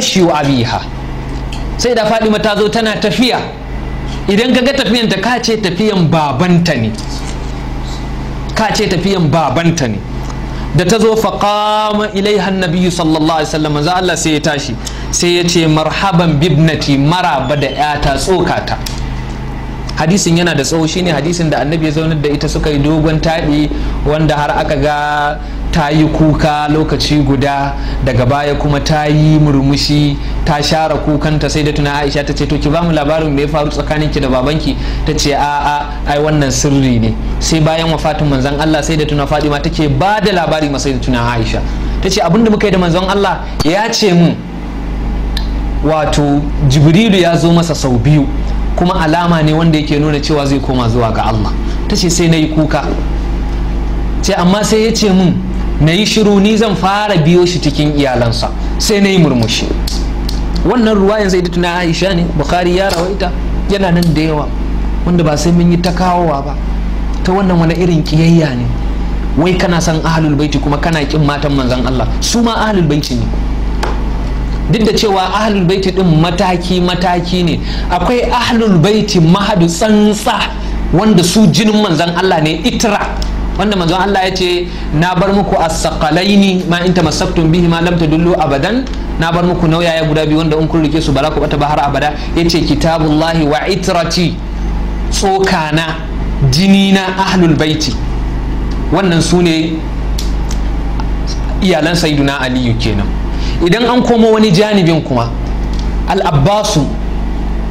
mashi wa abiha sai da fadima ta zo tana tafiya idan ka ga tafiyan ta ka ce tafiyan babanta ne ka ce tafiyan babanta ne da ta zo faƙama ilaihan nabiyyu sallallahu alaihi wasallam manzo Allah sai ya tashi sai ya ce marhaban bibnati maraba da yata tsokata hadisin yana da tsawo shine hadisin da annabi ya zaunar da ita suka yi dogon taɗi wanda har aka ga ta yi kuka lokaci guda daga baya kuma ta yi murmushi ta share kukanta sai da tuna aisha ta ce to ki ba mu labarin da ya faru ki da babanki ta ce a a ai wannan sirri ne sai bayan wafatin manzon Allah sai da tuna Fadima take ba da labari ma sai da tuna aisha ta ce abinda muka yi da manzan Allah ya ce mu wato jibrilu ya zo masa sau biyu kuma alama ne wanda yake nuna cewa zai koma zuwa ga Allah ta ce sai na yi kuka ce amma sai ya ce mun na yi shiru ni zan fara biyo shi cikin iyalansa sai na yi murmushi wannan ruwa yanzu zai na aisha ne bukari ya rawaita yana nan da yawa wanda ba sai mun yi ta kawowa ba ta wannan wani irin kiyayya ne wai kana san ahlul baiti kuma kana kin matan manzan Allah su ma ahlul baiti ne duk da cewa ahlul baiti din mataki mataki ne akwai ahlul baiti mahadu tsantsa wanda su jinin manzon Allah ne itra wanda manzon Allah ya ce na bar muku as-saqalaini ma in tamassaktum bihi ma lam tadullu abadan na bar muku nauyaya guda biyu wanda in kun rike su ba za ku bata bahar abada yace kitabullahi wa itrati tsokana na ahlul baiti wannan su ne iyalan sayyiduna aliyu kenan idan an komo wani janibin kuma al-abbasu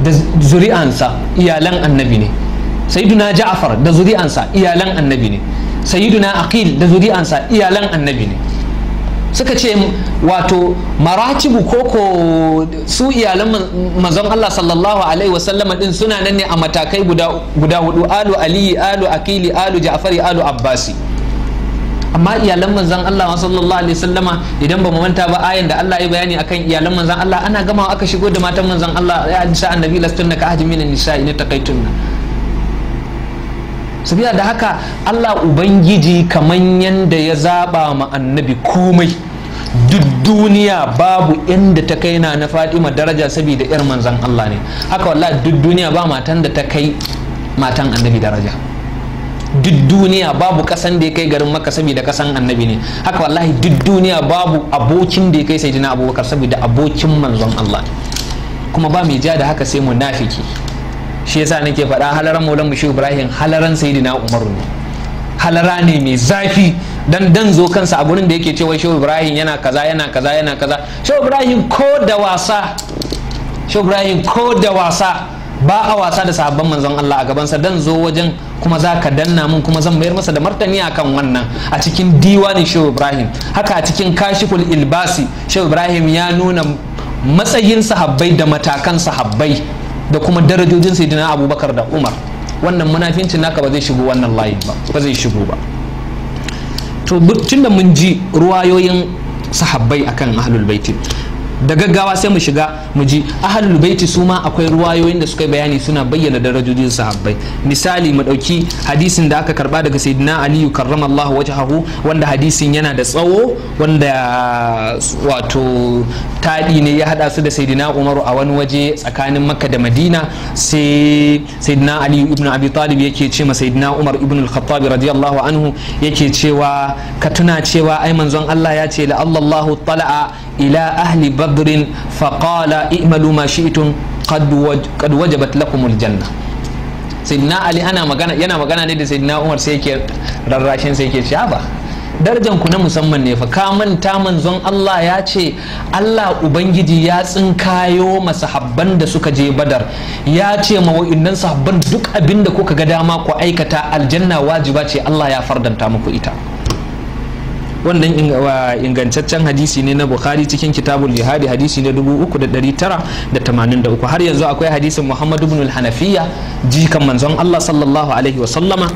da zuri'ansa iyalan annabi ne sayyiduna ja'far da zuri'ansa iyalan annabi ne sayyiduna aqil da zuri'ansa iyalan annabi ne suka ce wato maratibu koko su iyalan manzon Allah sallallahu alaihi wasallama din suna nan ne a matakai guda hudu alu ali alu akili alu ja'fari alu abbasi amma iyalan manzon Allah sallallahu alaihi wasallama idan ba mu manta ba ayan da Allah ya bayani akan iyalan manzon Allah ana gama aka shigo da matan manzon Allah ya hadisa annabi lastunna ka ahdi minan nisa'i ne takaitunna sabila da haka allah ubangiji kamar yadda ya zaba ma annabi komai duk duniya babu inda ta kai na fatima daraja saboda yar manzan allah ne haka wallahi duk duniya ba matan da ta kai matan annabi daraja duk duniya babu kasan da ya kai garin maka saboda kasan annabi ne haka wallahi duk duniya babu abokin da ya kai sayyidina abubakar saboda abokin manzon allah kuma ba mai ja da haka sai munafiki shi yasa nake faɗa halaran maulan mu ibrahim halaran sayyidina Umar ne halara ne mai zafi dan dan zo kansa a gurin da yake cewa shehu ibrahim yana kaza yana kaza yana kaza shehu ibrahim ko da wasa shehu ibrahim ko da wasa ba a wasa da sahabban manzon Allah a gabansa dan zo wajen kuma za ka danna min kuma zan mayar masa da martani akan wannan a cikin diwanin shehu ibrahim haka a cikin kashiful ilbasi shehu ibrahim ya nuna matsayin sahabbai da matakan sahabbai da kuma darajojin sayyidina abubakar da umar wannan munafincin naka ba zai shigo wannan layin ba ba zai shigo ba to tunda mun ji ruwayoyin sahabbai akan ahlul baiti da gaggawa sai mu shiga mu ji ahlul baiti su ma akwai ruwayoyin da suka bayani suna bayyana darajojin sahabbai misali mu dauki hadisin da aka karba daga sayyidina aliyu karramallahu wajhahu wanda hadisin yana da tsawo wanda wato tadi ne ya hada su da sayyidina Umar a wani waje tsakanin makka da madina sai sayyidina aliyu ibn abi talib yake ce ma sayyidina umar ibn al-khattab radiyallahu anhu yake cewa ka tuna cewa ai manzon Allah ya ce la Allahu tala'a ila ahli badrin faƙala i'malu ma shi'tum qad wajabat lakumul janna yana magana ne da sayyidina umar sai yake rarrashin sai darajan ku na musamman ne fa ka manta manzon Allah ya ce Allah ubangiji ya tsinkayo masahabban da suka je badar ya ce ma wa'innan sahabban duk abin da kuka ga dama ku aikata aljanna wajiba ce Allah ya fardanta muku ita wannan ingantaccen hadisi ne na bukhari cikin kitabul jihadi hadisi na 3983 har yanzu akwai hadisin Muhammadu ibn al-hanafiya jikan manzon allah sallallahu alaihi wasallama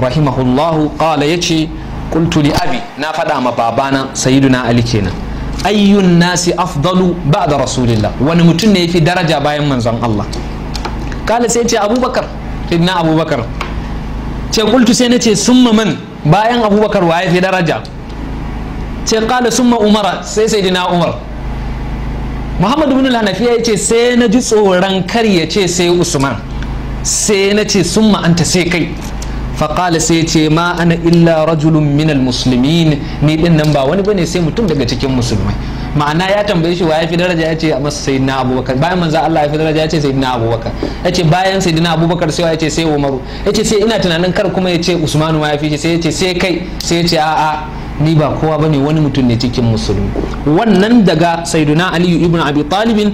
rahimahullahu ya yace kultu li abi na faɗa ma babana sayyiduna ali kenan ayyun nasi afdalu ba'da rasulillah wani mutum ne ya fi daraja bayan manzon allah kala sai ce abubakar ibn abubakar ce kultu sai ce summa man bayan abubakar waye fi daraja ce kala summa umara sai sai dina umar muhammadu bin lanafi ya ce sai na ji tsoron kar ya ce sai usman sai na ce summa anta sai kai faƙala sai ce ma ana illa rajulun minal musulmin ni din nan ba wani bane sai mutum daga cikin musulmai ma'ana ya tambaye shi wa ya fi daraja ya ce a masa sai na abubakar bayan manzo Allah ya fi daraja ya ce sai na abubakar ya ce bayan sai na abubakar sai ya ce sai umaru ya ce sai ina tunanin kar kuma ya ce usmanu ma ya fi sai ya ce sai kai sai ya ce a'a ni ba kowa bane wani mutum ne cikin musulmi wannan daga saiduna aliyu ibn abi talibin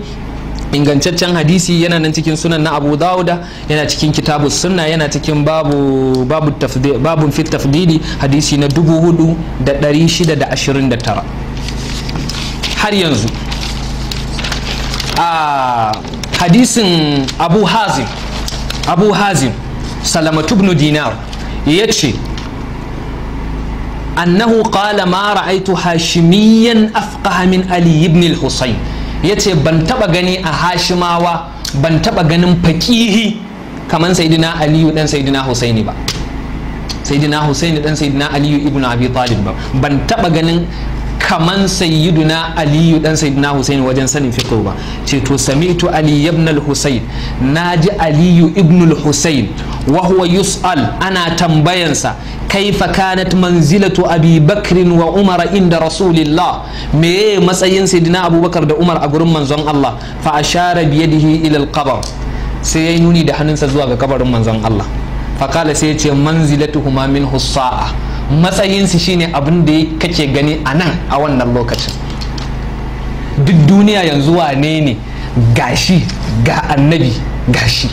ingantaccen hadisi yana nan cikin sunan na abu dauda yana cikin kitabu sunna yana cikin babu babu babun fit tafdidi hadisi na 4629 har yanzu a hadisin abu hazim abu hazim salamatu ibn dinar ya ce annahu qala ma ra'aitu hashimiyan afqaha min ali ibn al-husayn ya ce ban taba gani a hashimawa ban taba ganin fakihi kamar sayidina aliyu dan sayidina husaini ba sayidina husaini dan sayidina aliyu ibn abi talib ba ban taba ganin kaman sayyiduna aliyu dan sayyiduna husaini wajen sanin fiqh ba ce to sami'tu ali ibn al-husayn naji aliyu ibn al-husayn wa huwa yus'al ana tambayansa kaifa kanat manzilatu abi bakrin wa umar inda rasulillah me matsayin saidina abubakar da umar a gurin manzon Allah fa ashara bi yadihi ila al-qabr sai yayi nuni da hannunsa zuwa ga kabarin manzon Allah fa kala sai ya ce manzilatuhuma min husa'a matsayinsu shine abin da kake gani a nan a wannan lokacin duk duniya yanzu wane ne gashi ga annabi gashi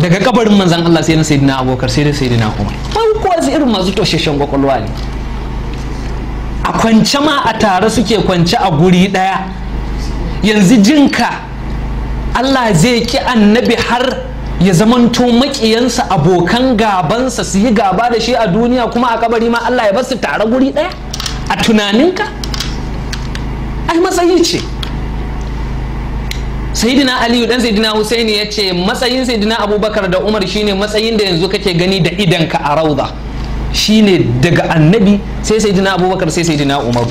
daga kabarin manzan Allah sai na sayidina abokar sai da sayidina umar an kuwa irin masu toshashen kwakwalwa ne a kwance ma a tare suke kwance a guri daya yanzu jinka Allah zai ki annabi har ya zamanto makiyansa abokan gabansa su yi gaba da shi a duniya kuma a kabari ma Allah ya bar su tare guri ɗaya a tunaninka ai matsayi ce sayidina aliyu dan sayidina husaini ya ce matsayin sayidina abubakar da umar shine matsayin da yanzu kake gani da idanka a rauda shine daga annabi sai sayidina abubakar sai sayidina umar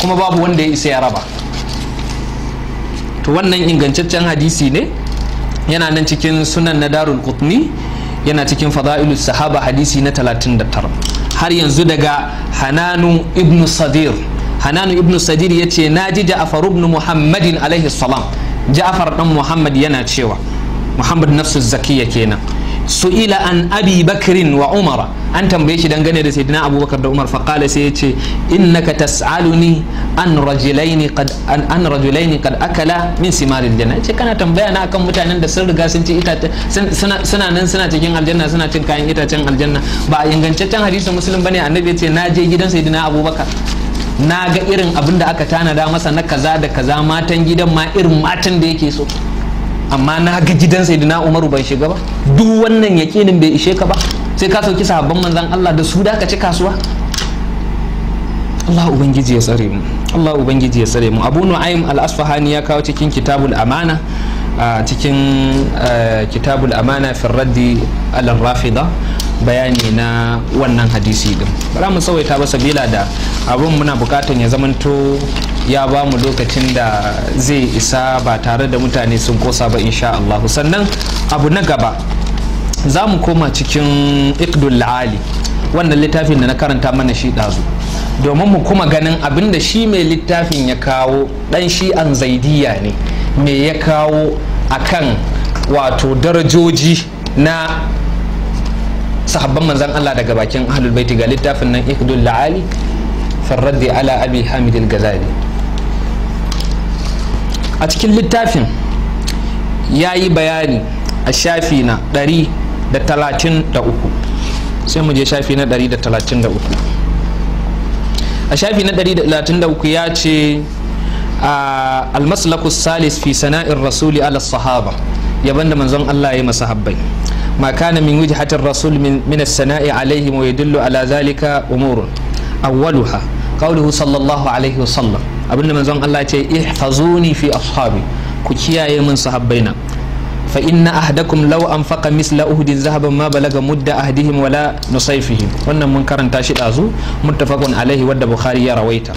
kuma babu wanda ya isa ya raba to wannan ingantaccen hadisi ne yana nan cikin sunan na darul qutni yana cikin fada'ilus sahaba hadisi na 39 har yanzu daga hananu ibn sadir hananu ibn sadir ya ce na ji ja'afar ibn muhammadin alaihi salam ja'afar dan muhammad yana cewa muhammad nafsu zakiya kenan Su ila an abi bakirin wa umara an tambaye shi dangane da saidina abubakar da umar faqala sai yace in tas'aluni an rajulaini qad an rajulaini qad akala min simaril janna yace kana tambaya na akan mutanen da sun riga sun ci suna nan suna cikin aljanna suna cin kayan itacen aljanna ba a ingantaccen hadisin muslim bane annabi ce na je gidan saidina abubakar na ga irin abin da aka tanada masa na kaza da kaza matan gidan ma irin matan da yake so amma na ga gidan saidina umaru ban shiga ba duk wannan yakinin bai ishe ka ba sai ka sauki sahabban manzan Allah da su da ka ci kasuwa Allah ubangiji ya tsare mu Allah ubangiji ya tsare mu Abu Nu'aym al-Asfahani ya kawo cikin Kitabul Amana a cikin Kitabul Amana fi raddi al-Rafida bayani na wannan hadisi din bara mu tsawaita ba sabila da abun muna bukatan ya zamanto ya ba mu lokacin da zai isa ba tare da mutane sun kosa ba insha Allah sannan abu na gaba za mu koma cikin ikdul la'ali wannan littafin da na karanta mana shi ɗazu domin mu kuma ganin abin da shi mai littafin ya kawo ɗan shi an zaidiya ne me ya kawo a kan wato darajoji na sahabban manzan Allah daga bakin ahlul baiti ga littafin nan ikdul la'ali farraddi ala abi hamidul gazali a cikin littafin ya yi bayani a shafi na 133 sai mu je shafi na 133 a shafi na 133 ya ce almaslaku salis fi sana'in rasuli ala sahaba yaban da manzon Allah ya masa habbai ma kana min wujhatir rasul min as-sana'i alaihim wa yadullu ala zalika umurun awwaluha qawluhu sallallahu alaihi wa sallam abinda manzon Allah ce ihfazuni fi ashabi ku kiyaye min sahabbaina fa inna ahdakum law anfaqa misla uhdin zahaban ma balaga mudda ahdihim wala nusayfihim wannan mun karanta shi dazu muttafaqun alaihi wadda bukhari ya rawaita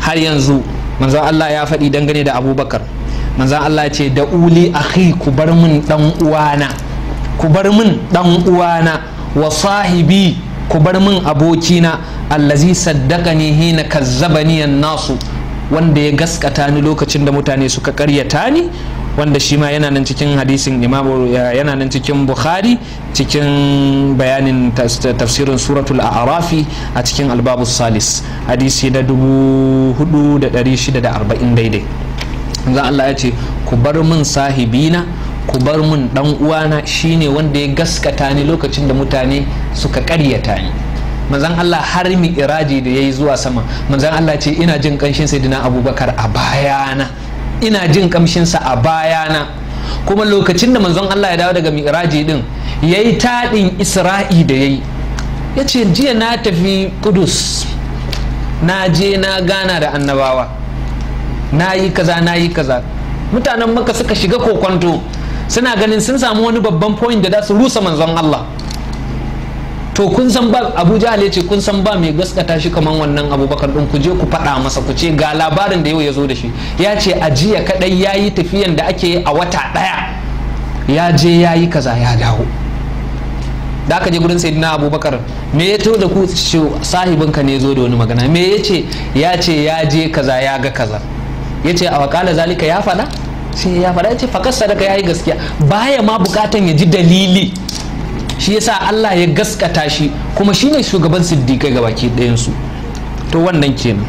har yanzu manzon Allah ya faɗi dangane da abubakar manzon Allah ce da uli akhi ku bar min dan uwana ku bar min dan uwana wa sahibi ku bar min abokina allazi saddaqani hina kazzabani an-nasu wanda ya gaskata ni lokacin da mutane suka karyata ni wanda shi ma yana nan cikin hadisin imam yana nan cikin bukhari cikin bayanin tafsirin suratul a'rafi a cikin albabu salis hadisi da 4640 daidai zan Allah ya ce ku bar min sahibina ku bar mun dan uwana shine wanda ya gaskata ni lokacin da mutane suka karyata ni manzan Allah har mi'iraji da yayi zuwa sama manzan Allah ce ina jin kanshin sayyidina Abubakar a bayana ina jin kamshinsa a bayana kuma lokacin da manzon Allah ya dawo daga mi'iraji din yayi taɗin Isra'i da yayi ya ce jiya na tafi Kudus na je na gana da annabawa na yi kaza na yi kaza mutanen maka suka shiga kokonto suna ganin sun samu wani babban point da za su rusa manzon Allah to kun san ba abu jahal ce kun san ba mai gaskata shi kaman wannan abubakar din ku je ku faɗa masa ku ce ga labarin da yau ya zo da shi ya ce a jiya kadai ya yi tafiyan da ake a wata ɗaya ya je ya yi kaza ya dawo da aka je sai na abubakar me ya to da ku sahibinka ne zo da wani magana me ya ce ya ce ya je kaza ya ga kaza ya ce a wakala zalika ya faɗa sai ya faɗa ya ce fakas sadaka ya yi gaskiya baya ma bukatan ya ji dalili shi yasa Allah ya gaskata shi kuma shine shugaban siddiƙai gabaki ɗayan to wannan kenan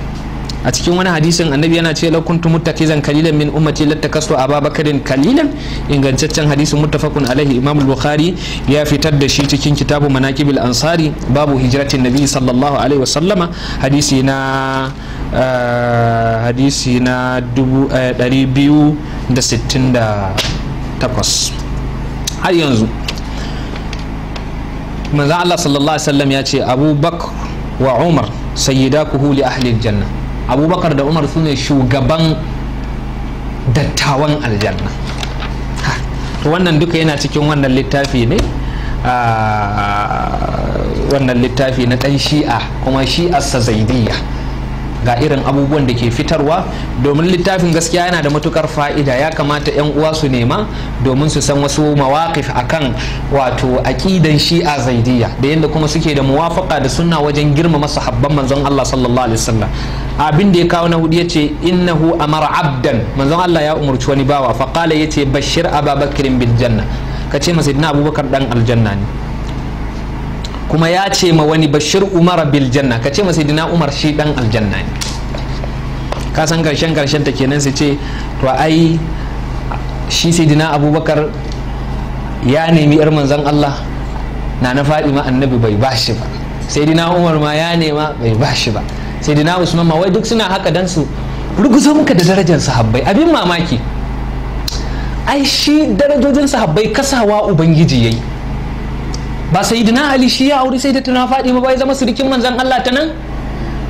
a cikin wani hadisin annabi yana ce lakuntu muttaqizan kalilan min ummati kasu ababakarin kalilan ingantaccen hadisin muttafaqun alaihi imam bukhari ya fitar da shi cikin kitabu manaqibil ansari babu hijratin nabi sallallahu alaihi wasallama hadisi na eh, hadisi na 268 eh, har yanzu manzan Allah sallallahu alaihi wasallam ya ce abubakar wa umar sayyidakuhu li ahli janna abubakar da umar sune shugaban dattawan aljanna to wannan duka yana cikin wannan littafi ne wannan littafi na ɗan shi'a kuma shi'arsa zaidiyya ga irin abubuwan da ke fitarwa domin littafin gaskiya yana da matukar fa'ida ya kamata 'yan uwa su nema domin su san wasu mawakif kan wato aƙidan shi'a zaidiyya da yadda kuma suke da muwafaka da suna wajen girmama habban manzon Allah sallallahu alaihi wasallam abin da ya kawo na hudu yace innahu amara abdan manzon Allah ya umarci wani bawa ya ce bashir ababakirin bil janna kace masa abubakar dan aljanna ne kuma ya ce ma wani bashir umar Biljanna ka ce ma dina umar shi dan aljanna ne ka san karshen karshen ta kenan su ce to ai shi dina abubakar ya nemi yar manzon Allah na na ma annabi bai bashi ba dina umar ma ya nema bai bashi ba dina usman ma wai duk suna haka dan su rugusa muka da darajar sahabbai abin mamaki ai shi darajojin sahabbai kasawa ubangiji yayi ba sayyidina ali shi ya auri sayyidatuna fatima ba ya zama sirkin manzon Allah ta nan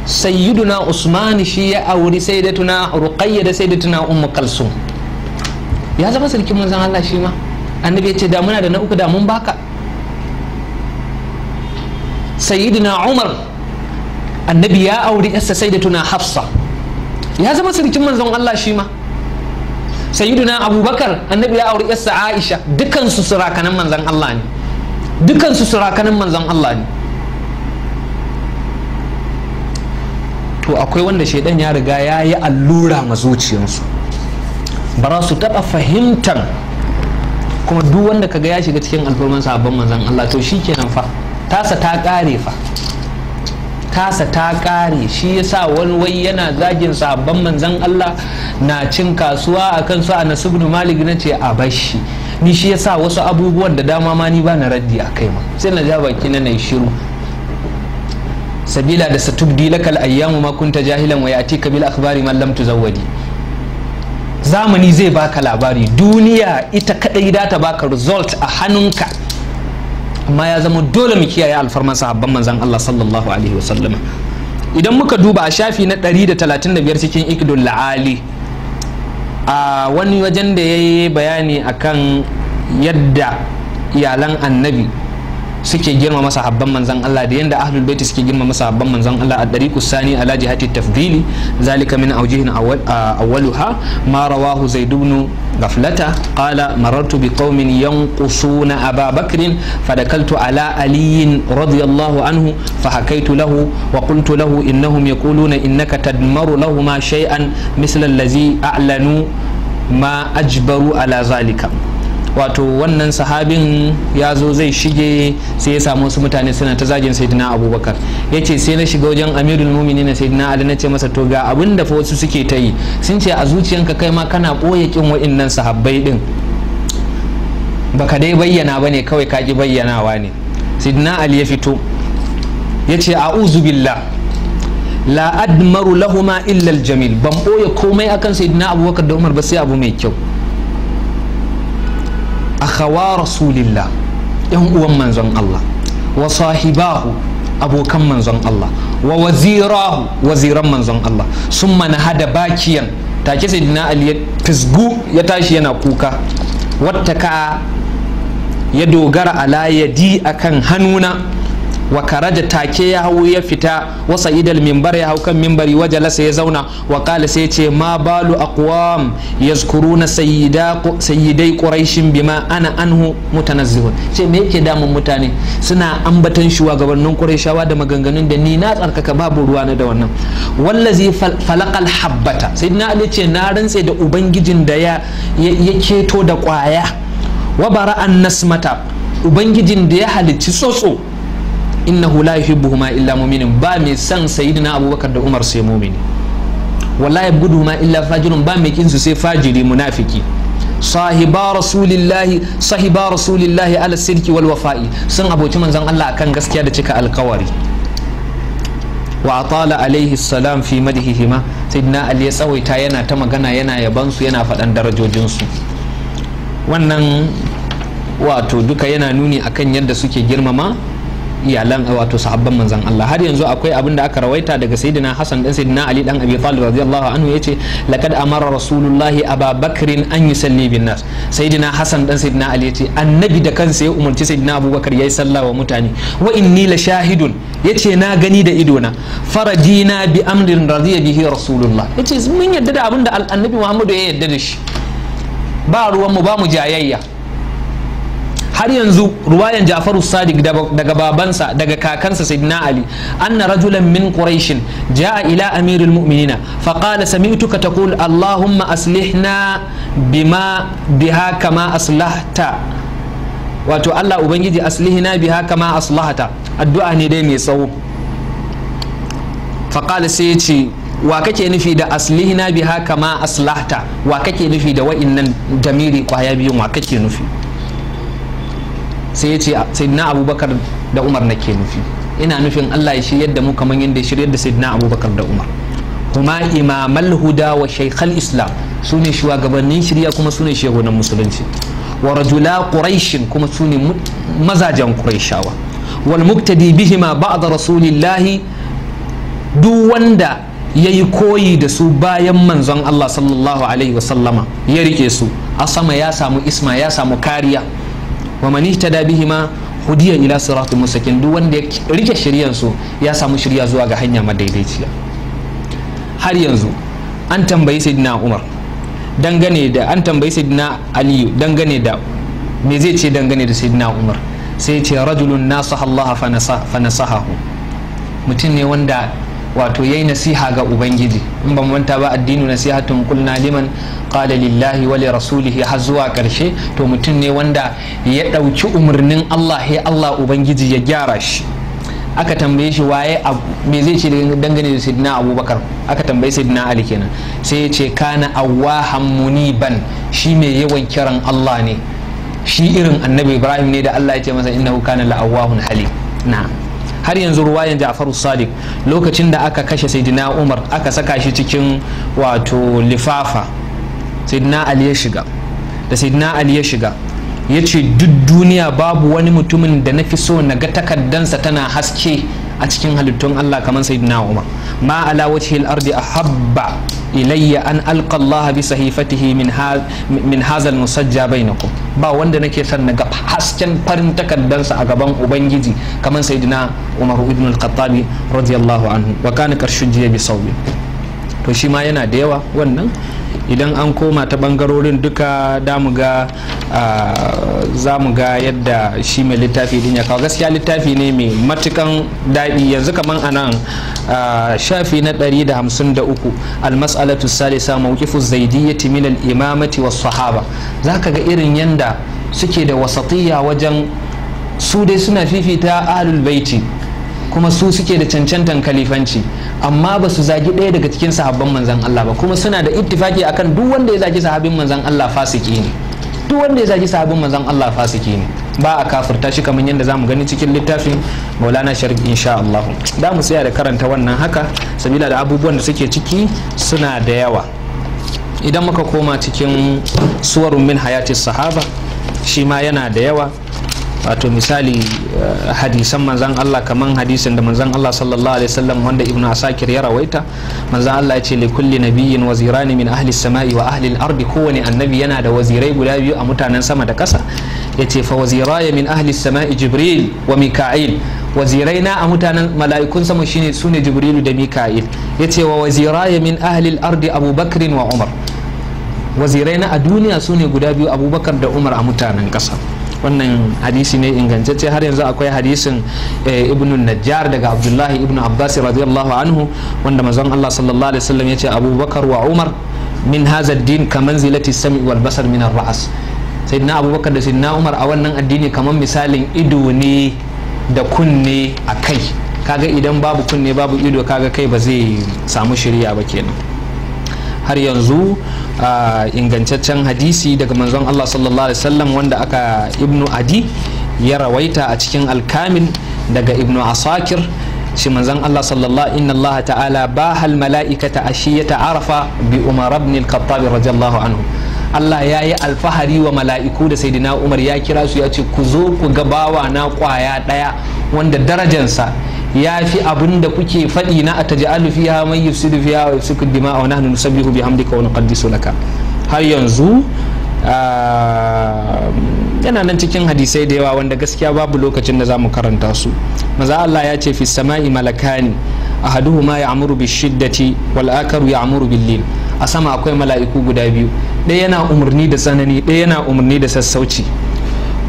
sayyiduna usman shi ya auri sayyidatuna ruqayya da sayyidatuna ummu kalsum ya zama sirkin manzon Allah shi ma annabi ya ce da muna da na uku da mun baka sayyidina umar annabi ya auri yarsa sayyidatuna hafsa ya zama sirkin manzon Allah shi ma sayyiduna abubakar annabi ya auri yarsa aisha dukansu sirakanan manzon Allah ne dukansu surakanin manzan Allah ne to akwai wanda shaidan ya riga ya yi allura ma zuciyarsu ba za su taɓa fahimtar kuma duk wanda kaga ya shiga cikin alfarman sabon manzan Allah to shi kenan fa tasa ta ƙare fa tasa ta ƙare shi yasa wani wai yana zagin sabon manzan Allah na cin kasuwa a kansu a nasu malik na ce a bashi ni shi ya sa wasu abubuwan da dama ma ni ba na raddi a kai ma sai na ja baki na nai shiru sabila da satubdi lakal ayyamu ma kunta jahilan wa ka bil akhbari man lam tuzawwadi zamani zai baka labari duniya ita kadai da ta baka result a hannunka amma ya zama dole mu kiyaye alfarman sahabban manzon Allah sallallahu alaihi wasallam idan muka duba a shafi na 135 cikin ikdul la'ali a wani wajen da ya yi bayani akan yadda iyalan annabi suke girmama sahabban manzon Allah da yanda ahlul baiti suke girmama sahabban manzon Allah a dariqu sani ala jihati tafdili zalika min awjihin awwaluha ma rawahu zaid ibn ghaflata qala marartu bi qaumin yanqusuna aba bakr fadakaltu ala aliyin radiyallahu anhu fahakaitu lahu wa qultu lahu innahum yaquluna innaka tadmaru lahum shay'an misla allazi a'lanu ma ajbaru ala zalika wato wannan sahabin ya zo zai shige sai ya samu wasu mutane suna ta zagin saidina abubakar ya ce sai na shiga wajen amirul mumini na saidina ali na ce masa to ga abin da fa wasu suke ta yi sun ce a zuciyanka kai ma kana ɓoye kin wa'innan sahabbai din baka dai bayyana ba ne kawai ka ki bayyanawa ne saidina ali ya fito ya ce a billah la admaru lahuma illal jamil ban ɓoye komai akan saidina abubakar da umar ba sai abu mai kyau akhawa rasulillah yan uwan manzon Allah wa sahibahu abokan manzon Allah wa wazirahu waziran manzon Allah sun mana hada bakiyan take sai dina ali ya fisgu ya tashi yana kuka wattaka ya dogara ala yadi akan hannuna wa karaja take ya hau ya fita wa sa'idal minbar ya hau kan minbari wa jalasa ya zauna wa qala sai ce ma balu aqwam yazkuruna sayyida sayyidai quraish bima ana anhu mutanazzihun ce me yake damun mutane suna ambatan shugabannin quraishawa da maganganun da ni na tsarkaka babu ruwa na da wannan wallazi falaqal habbata sayyidina ali ce na rantse da ubangijin da ya ya keto da kwaya wa an nasmata ubangijin da ya halicci tsotso innahu la yuhibbuhuma illa mu'minun ba mai san sayyidina abubakar da umar sai mu'mini wala yabghuduhuma illa fajirun ba mai kinsu sai fajiri munafiki sahiba rasulillahi sahiba rasulillahi ala sirki wal wafa'i sun aboci manzon Allah akan gaskiya da cika alkawari wa atala alaihi salam fi ma sayyidina ali ya tsawaita yana ta magana yana yaban su yana faɗan darajojin su wannan wato duka yana nuni akan yadda suke girmama iyalan eh, wato sahabban manzan Allah har yanzu akwai abin da aka rawaita daga sayyidina Hassan dan sayyidina Ali dan Abi Talib radiyallahu anhu yace laqad amara rasulullahi Aba Bakrin an yusalli bin nas sayyidina Hassan dan sayyidina Ali yace annabi da kansa ya umarci sayyidina Abubakar yayi sallah wa mutane wa inni la shahidun yace na gani da idona farajina bi amrin radiya bihi rasulullah yace mun yadda da abin da annabi Muhammadu ya yadda da shi ba ruwan mu ba mu jayayya har yanzu ruwayan Ja'faru Sadiq daga babansa daga kakansa Sayyidina Ali anna rajulan min Quraysh ja'a ila amirul mu'minina fa qala sami'tuka taqul Allahumma aslihna bima biha kama aslahta wato Allah ubangiji aslihna biha kama aslahta addu'a ne dai mai tsawo fa qala sai ya ce wa kake nufi da aslihna biha kama aslahta wa kake nufi da wa'innan damiri kwaya biyun wa kake nufi sai ya ce na abubakar da umar nake nufi ina nufin allah ya shiryar da mu kamar yadda ya shirya da na abubakar da umar kuma imamal huda wa shaikhal islam su ne shugabannin shirya kuma su ne shehunan musulunci wa rajula quraishin kuma su ne mazajen quraishawa wal muktadi bihima ba'da rasulillahi duk wanda ya yi koyi da su bayan manzon Allah sallallahu Alaihi wasallama ya rike su a sama ya samu isma ya samu kariya wa man ihtada bihima hudiyan ila siratul mustaqim duk wanda ya rike shiryan su ya samu shirya zuwa ga hanya madaidaiciya har yanzu an tambayi sayyidina Umar dangane da an tambayi sayyidina Ali dangane da me zai ce dangane da sayyidina Umar sai ce rajulun nasaha Allah fa nasahahu mutum ne wanda wato yayi nasiha ga ubangiji in ban manta ba addinu nasihatun kulna liman qala lillahi wa li rasulihi har zuwa karshe to mutum ne wanda ya dauki umarnin Allah ya Allah ubangiji ya gyara shi aka tambaye shi waye me zai ce dangane da sidina abubakar aka tambaye sidina ali kenan sai ya ce kana awwahan muniban shi mai yawan kiran Allah ne shi irin annabi ibrahim ne da Allah ya ce masa innahu kana la'awahun hali na'am har yanzu ruwa ruwayan jafaru Sadiq lokacin da aka kashe Sayyidina Umar aka saka shi cikin wato lifafa Sayyidina Ali ya shiga da saidina Ali ya shiga ya ce duk duniya babu wani mutumin da na fi so na ga takaddansa tana haske a cikin halittun Allah kamar saidina Umar ma ala wajhil ardi ahabba ilayya an alqa Allah bi sahifatihi min min hazal musajja bainakum ba wanda nake son na ga hasken farin takardansa a gaban ubangiji kamar sayyidina Umar ibn al radiyallahu anhu wa kana karshu jiya bi sawbi to shi ma yana da yawa wannan idan an koma ta bangarorin duka damu ga za mu ga yadda shi mai littafi din ya kawo gaskiya littafi ne mai matukan daɗi yanzu kaman a nan shafi na 153 almas'alatu salisa mawqifu zaidiyyati min al-imamati was sahaba zaka ga irin yanda suke da wasatiyya wajen su dai suna fifita ahlul baiti kuma su suke da cancantan kalifanci amma ba su zagi ɗaya daga cikin sahabban manzan Allah ba kuma suna da ittifaki akan duk wanda ya zagi sahabin manzan Allah fasiki ne duk wanda ya zagi sahabin manzan Allah fasiki ne ba a kafirta shi kamar yadda za mu gani cikin littafin Maulana Sharif insha Allah da mu tsaya da karanta wannan haka sabila da abubuwan da suke ciki suna da yawa idan muka koma cikin suwarun min hayatis sahaba shi ma yana da yawa wato misali eh, hadisan manzan Allah kaman hadisin da manzan Allah sallallahu alaihi wasallam wanda ibnu asakir ya rawaita manzan Allah ya ce li kulli nabiyyin waziran min ahli samai wa ahli al-ardi kowani annabi yana da wazirai guda biyu a mutanen sama da ƙasa yace fa waziraya min ahli samai jibril wa mika'il wazirai na a mutanen mala'ikun sama shine sune jibrilu da mika'il yace wa waziraya min ahli al-ardi abubakar wa umar wazirai na a duniya sune guda biyu abubakar da umar a mutanen ƙasa wannan hadisi ne ingantacce har yanzu akwai hadisin eh, ibn najjar daga abdullahi ibn abbas radiyallahu anhu wanda manzon Allah sallallahu alaihi wasallam ya ce abubakar wa umar min hazar din ka manzilati sami wal basar min ra'as sayyidina abubakar da sayyidina umar a wannan addini kamar misalin ido ne da kunne a kai kaga idan babu kunne babu ido kaga kai ba zai samu shirya ba kenan har yanzu a ingantaccen hadisi daga manzon Allah sallallahu alaihi wasallam wanda aka ibnu adi ya rawaita a cikin alkamin daga ibnu asakir shi manzon Allah sallallahu inna Allah ta'ala ba hal mala'ikata ashiyata arafa bi umar ibn al-khattab radiyallahu anhu Allah ya yi alfahari wa mala'iku da saidina Umar ya kira su ya ce ku zo ku ga bawa na kwaya ɗaya wanda darajansa ya fi abin da kuke faɗi na a taj'alu fiha man yufsidu fiha wa wani dima'a wa nahnu nusabbihu ka wani nuqaddisu laka har yanzu ah, yana nan cikin hadisai da yawa wanda gaskiya babu lokacin da za mu karanta su maza Allah ya ce fi sama'i malakani ahaduhuma ya'muru bi shiddati wal akaru ya'muru bil lin a sama akwai mala'iku guda biyu ɗaya yana umarni da tsanani ɗaya yana umarni da sassauci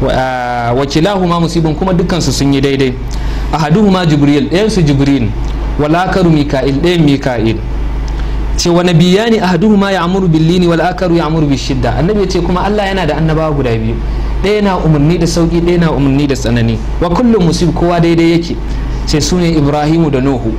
wa ah, lahuma Musibin kuma dukkansu sun yi daidai ahaduhuma jibril ɗayan su jibril walakaru mika'il ɗayan mika'il ce wa nabiyani ahaduhuma ya'muru bil lini wal ya amuru bi shidda annabi ya ce kuma Allah yana da annabawa guda biyu ɗaya na umarni da sauki ɗaya na umarni da tsanani wa kullum musib kowa daidai yake ce su ne ibrahimu da nuhu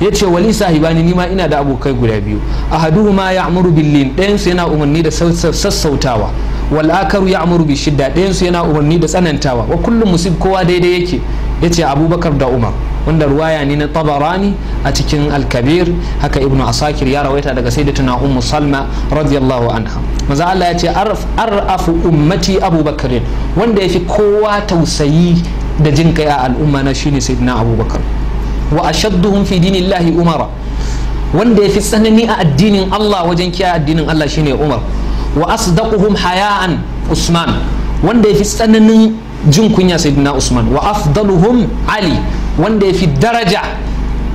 ya ce wali sahibani nima ina da abokai guda biyu ahaduhuma ya amuru lin ɗayan su yana umarni da sassautawa wal akaru ya amuru bi shidda ɗayan su yana umarni da tsanantawa wa kullum musib kowa daidai yake yace abubakar da umar wanda ruwaya ne na tabarani a cikin alkabir haka ibnu asakir ya rawaita daga sai da tuna ummu salma radiyallahu anha maza Allah ya ce ar'afu ummati abubakarin wanda ya fi kowa tausayi da jin kai a al'umma na shine na abubakar wa ashadduhum fi dinillahi umara wanda ya fi tsanani a addinin Allah wajen kiyaye addinin Allah shine umar wa asdaquhum haya'an usman wanda yafi tsananin jin kunya sayyidina usman wa afdaluhum ali wanda yafi daraja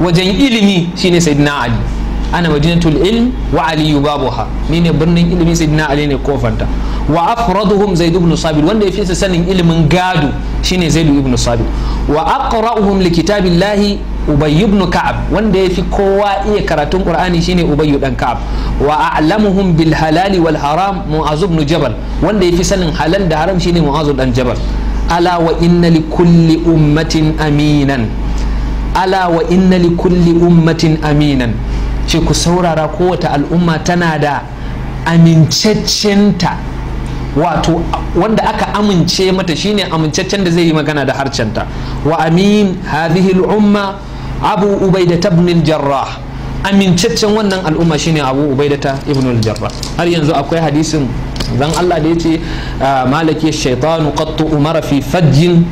wajen ilimi shine sayyidina ali ana madinatul ilm wa aliyu yubabuha ni ne birnin ilimi sayyidina ali ne kofanta wa afraduhum zaid ibn sabit wanda yafi sanin ilimin gado shine zaid ibn sabit wa aqra'uhum likitabillahi ubay ibn ka'ab wanda yafi kowa iya karatun qur'ani shine ubay dan ka'ab wa a'lamuhum bil halali wal haram mu'az ibn jabal wanda yafi sanin halal da haram shine mu'az dan jabal ala wa inna li kulli ummatin aminan ala wa inna li kulli ummatin aminan ce ku saurara kowace al'umma tana da amincaccenta wato wanda aka amince mata shine amincaccen da zai yi magana da harcenta wa amin hadhihi umma. abu ubaidata ibn jarrah amincaccen wannan al'umma shine abu ubaidata ibn jarrah har yanzu akwai hadisin zan Allah da yace ah, malaki shaytanu qattu umara fi fajjin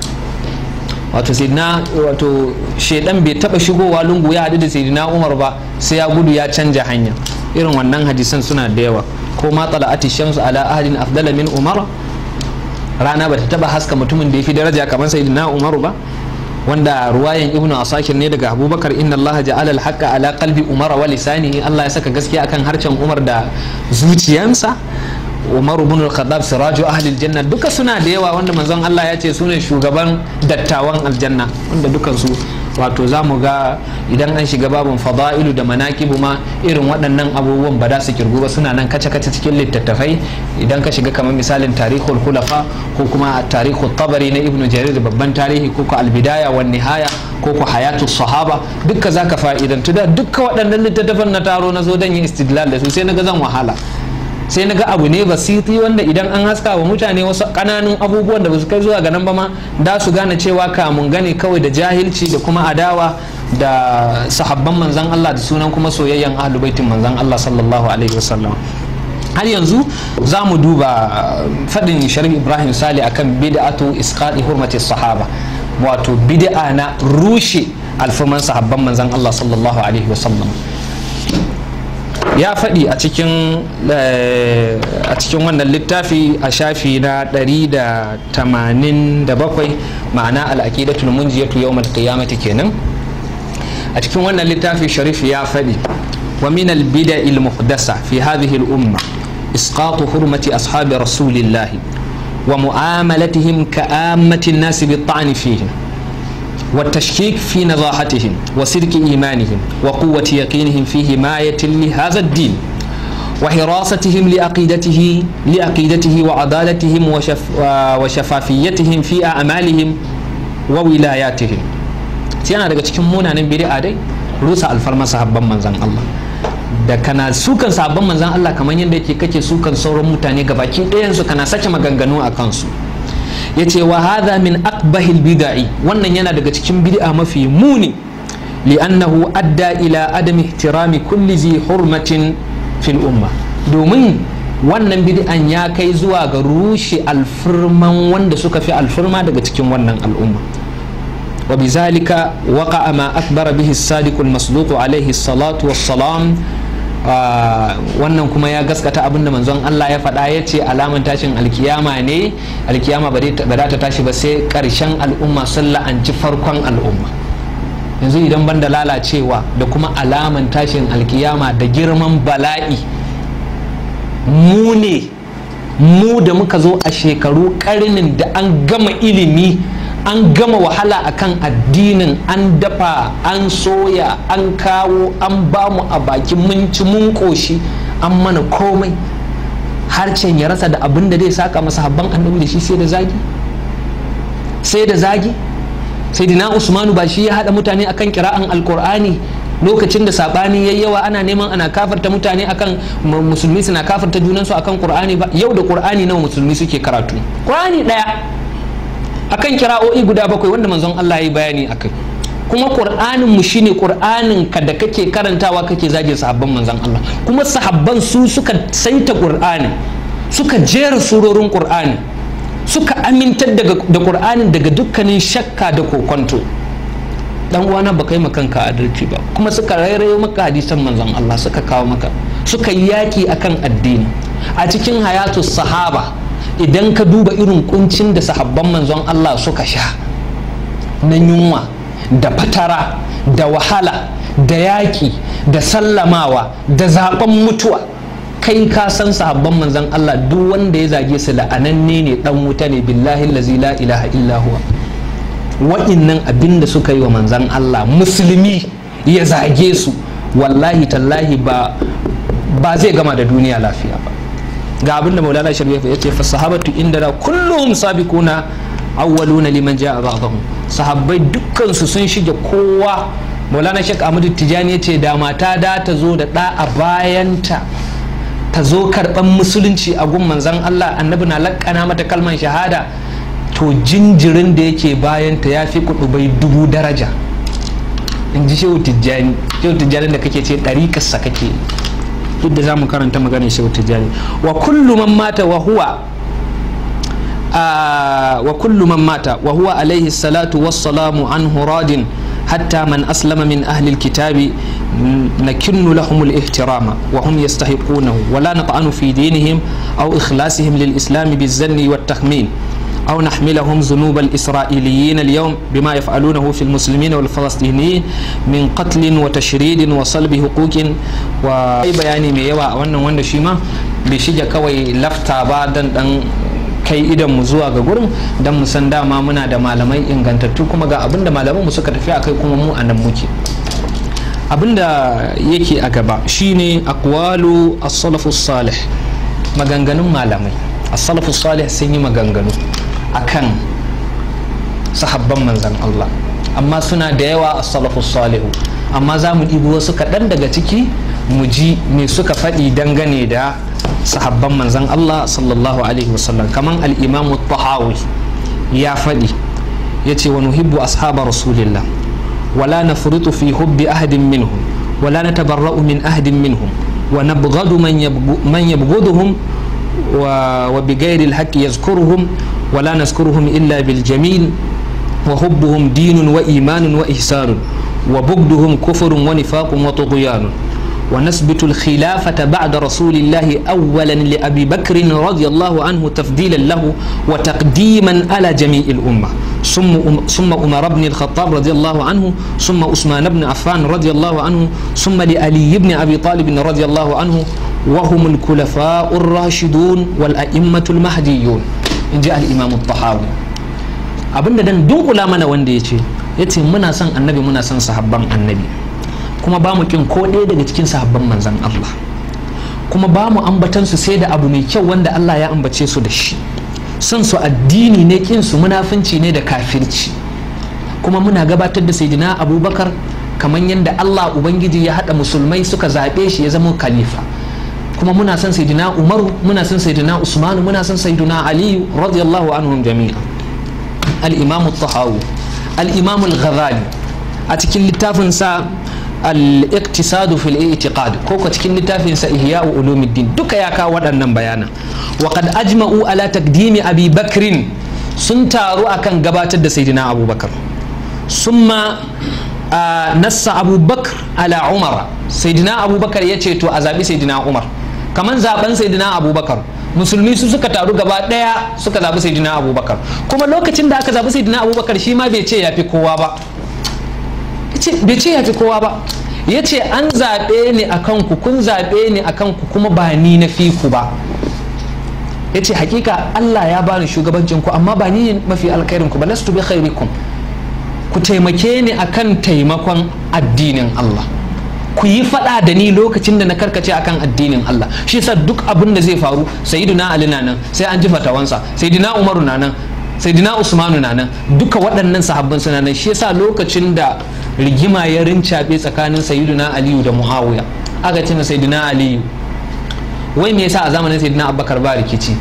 wato sayyidina wato shaydan bai taba shigowa lungu ya hadu da sayyidina umar ba sai ya gudu ya canja hanya irin wannan hadisan suna da yawa ko ma tala'ati shamsu ala ahadin afdala min umar rana bata taba haska mutumin da ya fi daraja kamar sayyidina umaru ba wanda ruwayan ibnu asakir ne daga abubakar inna allah ja'ala al ala qalbi umara wa in allah ya saka gaskiya akan harcen umar da zuciyansa umar ibn al-khattab siraju ahli janna duka suna da yawa wanda manzon allah ya ce sune shugaban dattawan aljanna wanda dukansu wato za mu ga idan an shiga babin fada'ilu da manaƙibu ma irin waɗannan abubuwan ba da su kirgu ba suna nan kace-kace cikin littattafai idan ka shiga kamar misalin tarihul hulafa ko kuma tarihul tabari na ibnu jarir babban tarihi ko ku albidaya wa nihaya ko ku hayatu sahaba dukka zaka fa'idantu da dukka waɗannan littattafan na taro na zo dan yin istidlal da su sai na ga zan wahala sai na ga abu ne basiti wanda idan an haska wa mutane wasu kananun abubuwan da ba su kai zuwa ga nan ba ma da su gane cewa kamun gane kawai da jahilci da kuma adawa da sahabban manzan Allah da sunan kuma soyayyen ahlubaitin baitin manzan Allah sallallahu alaihi wasallam har yanzu za mu duba faɗin sharif ibrahim sali akan bid'atu isqati hurmati sahaba wato bid'a na rushe alfarman sahabban manzan Allah sallallahu alaihi wasallam ya faɗi a cikin eh, a cikin wannan littafi a shafi na 187 ma'ana al'aqidatul munjiyatu yawmal qiyamati kenan a cikin wannan littafi sharif ya faɗi wa min al bida'il muhdasa fi hadhihi al umma isqatu hurmati ashabi rasulillahi wa mu'amalatihim ka'ammatin nasi bi ta'ni fihim والتشكيك في نظاحتهم وصدق إيمانهم وقوة يقينهم فيه ما يتل هذا الدين وحراستهم لأقيدته لأقيدته وعدالتهم وشف وشفافيتهم في أعمالهم وولاياتهم تيانا daga cikin نبري آدي روسا الفرما صحبا من manzon الله da kana sukan sabon manzan Allah kamar yadda yake kake sukan sauran mutane gabaki ɗayan su kana sace maganganu a kansu ya ce wa hadha min aqbahil bida'i wannan yana daga cikin bid'a mafi muni li'annahu adda ila adam ihtirami kulli zi hurmatin fil umma domin wannan bid'an ya kai zuwa ga rushe alfirman wanda suka fi alfirma daga cikin wannan al'umma wa bizalika waqa'a ma akbara bihi as-sadiq al-masduq alayhi salatu was-salam Ah, wannan kuma ya gaskata abin da manzon Allah ya faɗa ya ce alaman tashin alkiyama ne alkiyama ba za ta tashi ba sai ƙarshen al'umma sun la'anci farkon al'umma yanzu idan banda lalacewa da kuma alaman tashin alkiyama da girman bala'i mu ne mu da muka zo a shekaru karnin da an gama ilimi an gama wahala akan addinin an dafa an soya an kawo an bamu a baki mun ci mun koshi an mana komai harcen ya rasa da abin da zai saka masa habban annabi da shi sai da zagi sai da zagi sai dina usmanu ba shi ya hada mutane akan kira'an alkur'ani lokacin da sabani yayi yawa ana neman ana kafarta mutane akan musulmi suna kafarta junansu akan qur'ani ba yau da qur'ani nawa musulmi suke karatu qur'ani daya akan kira'o'i guda bakwai wanda manzon Allah ya yi bayani kai. kuma qur'anin mu shine qur'anin ka da kake karantawa kake zagin sahabban manzon Allah kuma sahabban su suka saita qur'ani suka jera surorin qur'ani suka amintar da qur'anin daga dukkanin shakka da kokonto dan uwana ba kai kanka adalci ba kuma suka rairayo maka hadisan manzon Allah suka kawo maka suka yaki akan addini a cikin hayatu sahaba idan ka duba irin kuncin da sahabban manzon Allah suka sha na yunwa da fatara da wahala da yaƙi da sallamawa da zaben mutuwa kai ka san sahabban manzon Allah duk wanda ya zage su la'ananne ne dan wuta ne billahi lazi la ilaha illa huwa wa'innan abin da suka yi wa manzon Allah musulmi ya zage su wallahi tallahi ba ba zai gama da duniya lafiya ba ga abin da maulana sharif ya ce fa sahabatu indana kulluhum sabiquna awwaluna liman jaa ba'dahu sahabbai dukkan su sun shige kowa maulana shek ahmadu tijani ya ce da mata da ta zo da ɗa a bayanta ta zo karban musulunci a gun manzan allah annabi na lakkana mata kalman shahada to jinjirin da yake bayanta ya fi kudubai dubu daraja in ji shehu tijjani shehu tijjani da kake ce ɗarikarsa kake yadda za mu karanta magana shi wata jari wa kullu man mata wa huwa wa wa huwa an huradin hatta man aslama min ahlil kitabi nakinnu lahum alihtirama wa hum yastahiqunahu wa la naqanu fi dinihim au ikhlasihim lil islam bizanni wat tahmin أو نحملهم ذنوب الإسرائيليين اليوم بما يفعلونه في المسلمين والفلسطينيين من قتل وتشريد وصلب حقوق أي بياني ميوا وأن وأن شيما بشجع كوي لفتا بعدا أن kai idan mu zuwa ga gurin don mu san dama muna da malamai ingantattu kuma ga abinda da malaman mu suka tafi a kai kuma mu a nan muke abin da yake a gaba shine aqwalu as-salafus salih maganganun malamai as-salafus salih sun yi maganganu akan sahabban manzan Allah amma suna da yawa a salafus salihu amma za mu ɗibo wasu kaɗan daga ciki mu ji me suka faɗi dangane da sahabban manzan Allah sallallahu alaihi wasallam Kamar al tahawi ya faɗi ya ce wa nuhibbu ashaba rasulillah wala na furutu fi hubbi ahadin minhum wala na natabarra'u min ahadin minhum wa na manya man yabghuduhum wa bi al-haqqi yazkuruhum ولا نذكرهم إلا بالجميل وحبهم دين وإيمان وإحسان وبغضهم كفر ونفاق وطغيان ونثبت الخلافة بعد رسول الله أولا لأبي بكر رضي الله عنه تفضيلا له وتقديما على جميع الأمة ثم ثم عمر بن الخطاب رضي الله عنه ثم عثمان بن عفان رضي الله عنه ثم لعلي بن أبي طالب رضي الله عنه وهم الخلفاء الراشدون والأئمة المهديون in ji al'imamu tahawi abinda dan dunkula mana wanda ya ce ya ce muna son annabi muna son sahabban annabi kuma ba mu kin ko ɗaya daga cikin sahabban manzan Allah kuma ba mu ambatan su sai da abu mai kyau wanda Allah ya ambace su da shi son su addini ne kin su munafunci ne da kafirci kuma muna gabatar da sayyidina abubakar kamar yadda Allah ubangiji ya haɗa musulmai suka zaɓe shi ya zama khalifa kuma muna son sayyidina umaru muna son sayyidina Usman muna son sayyidina aliyu radiyallahu anhum jami'a al-imam tahawi al-imam al-ghazali a cikin littafin sa al-iqtisadu fil i'tiqad ko ko cikin littafin sa ihya'u ulumuddin duka ya kawo waɗannan bayanan wa qad ajma'u ala taqdimi abi bakrin sun taru akan gabatar da sayyidina abubakar summa ah, nassa abubakar ala umar sayyidina abubakar ya ce to a zaɓi sayyidina umar kamar zaben sayyidina abubakar musulmi su suka taru gaba daya suka zabi sayyidina abubakar kuma lokacin da aka zabi sayyidina abubakar shi ma bai ce ya fi kowa ba bai ce ya fi kowa ba ya ce an zaɓe ni a kanku kun zaɓe ni a kanku kuma ba ni na fi ku ba ya ce hakika Allah ya bani shugabancin ku amma ba ni mafi alkhairin ku ba lastu bi khairikum ku taimake ni akan taimakon addinin Allah ku yi faɗa da ni lokacin da na karkace akan addinin Allah shi sa duk abin da zai faru sayyiduna Ali na nan sai an ji fatawansa sayyiduna Umar na nan sayyidina Usman na nan duka waɗannan sahabban suna nan shi sa lokacin da rigima ya rincaɓe tsakanin sayyiduna Aliyu da Muawiya aka ce sayyiduna Aliyu wai me yasa a zamanin sayyidina Abubakar ba rikici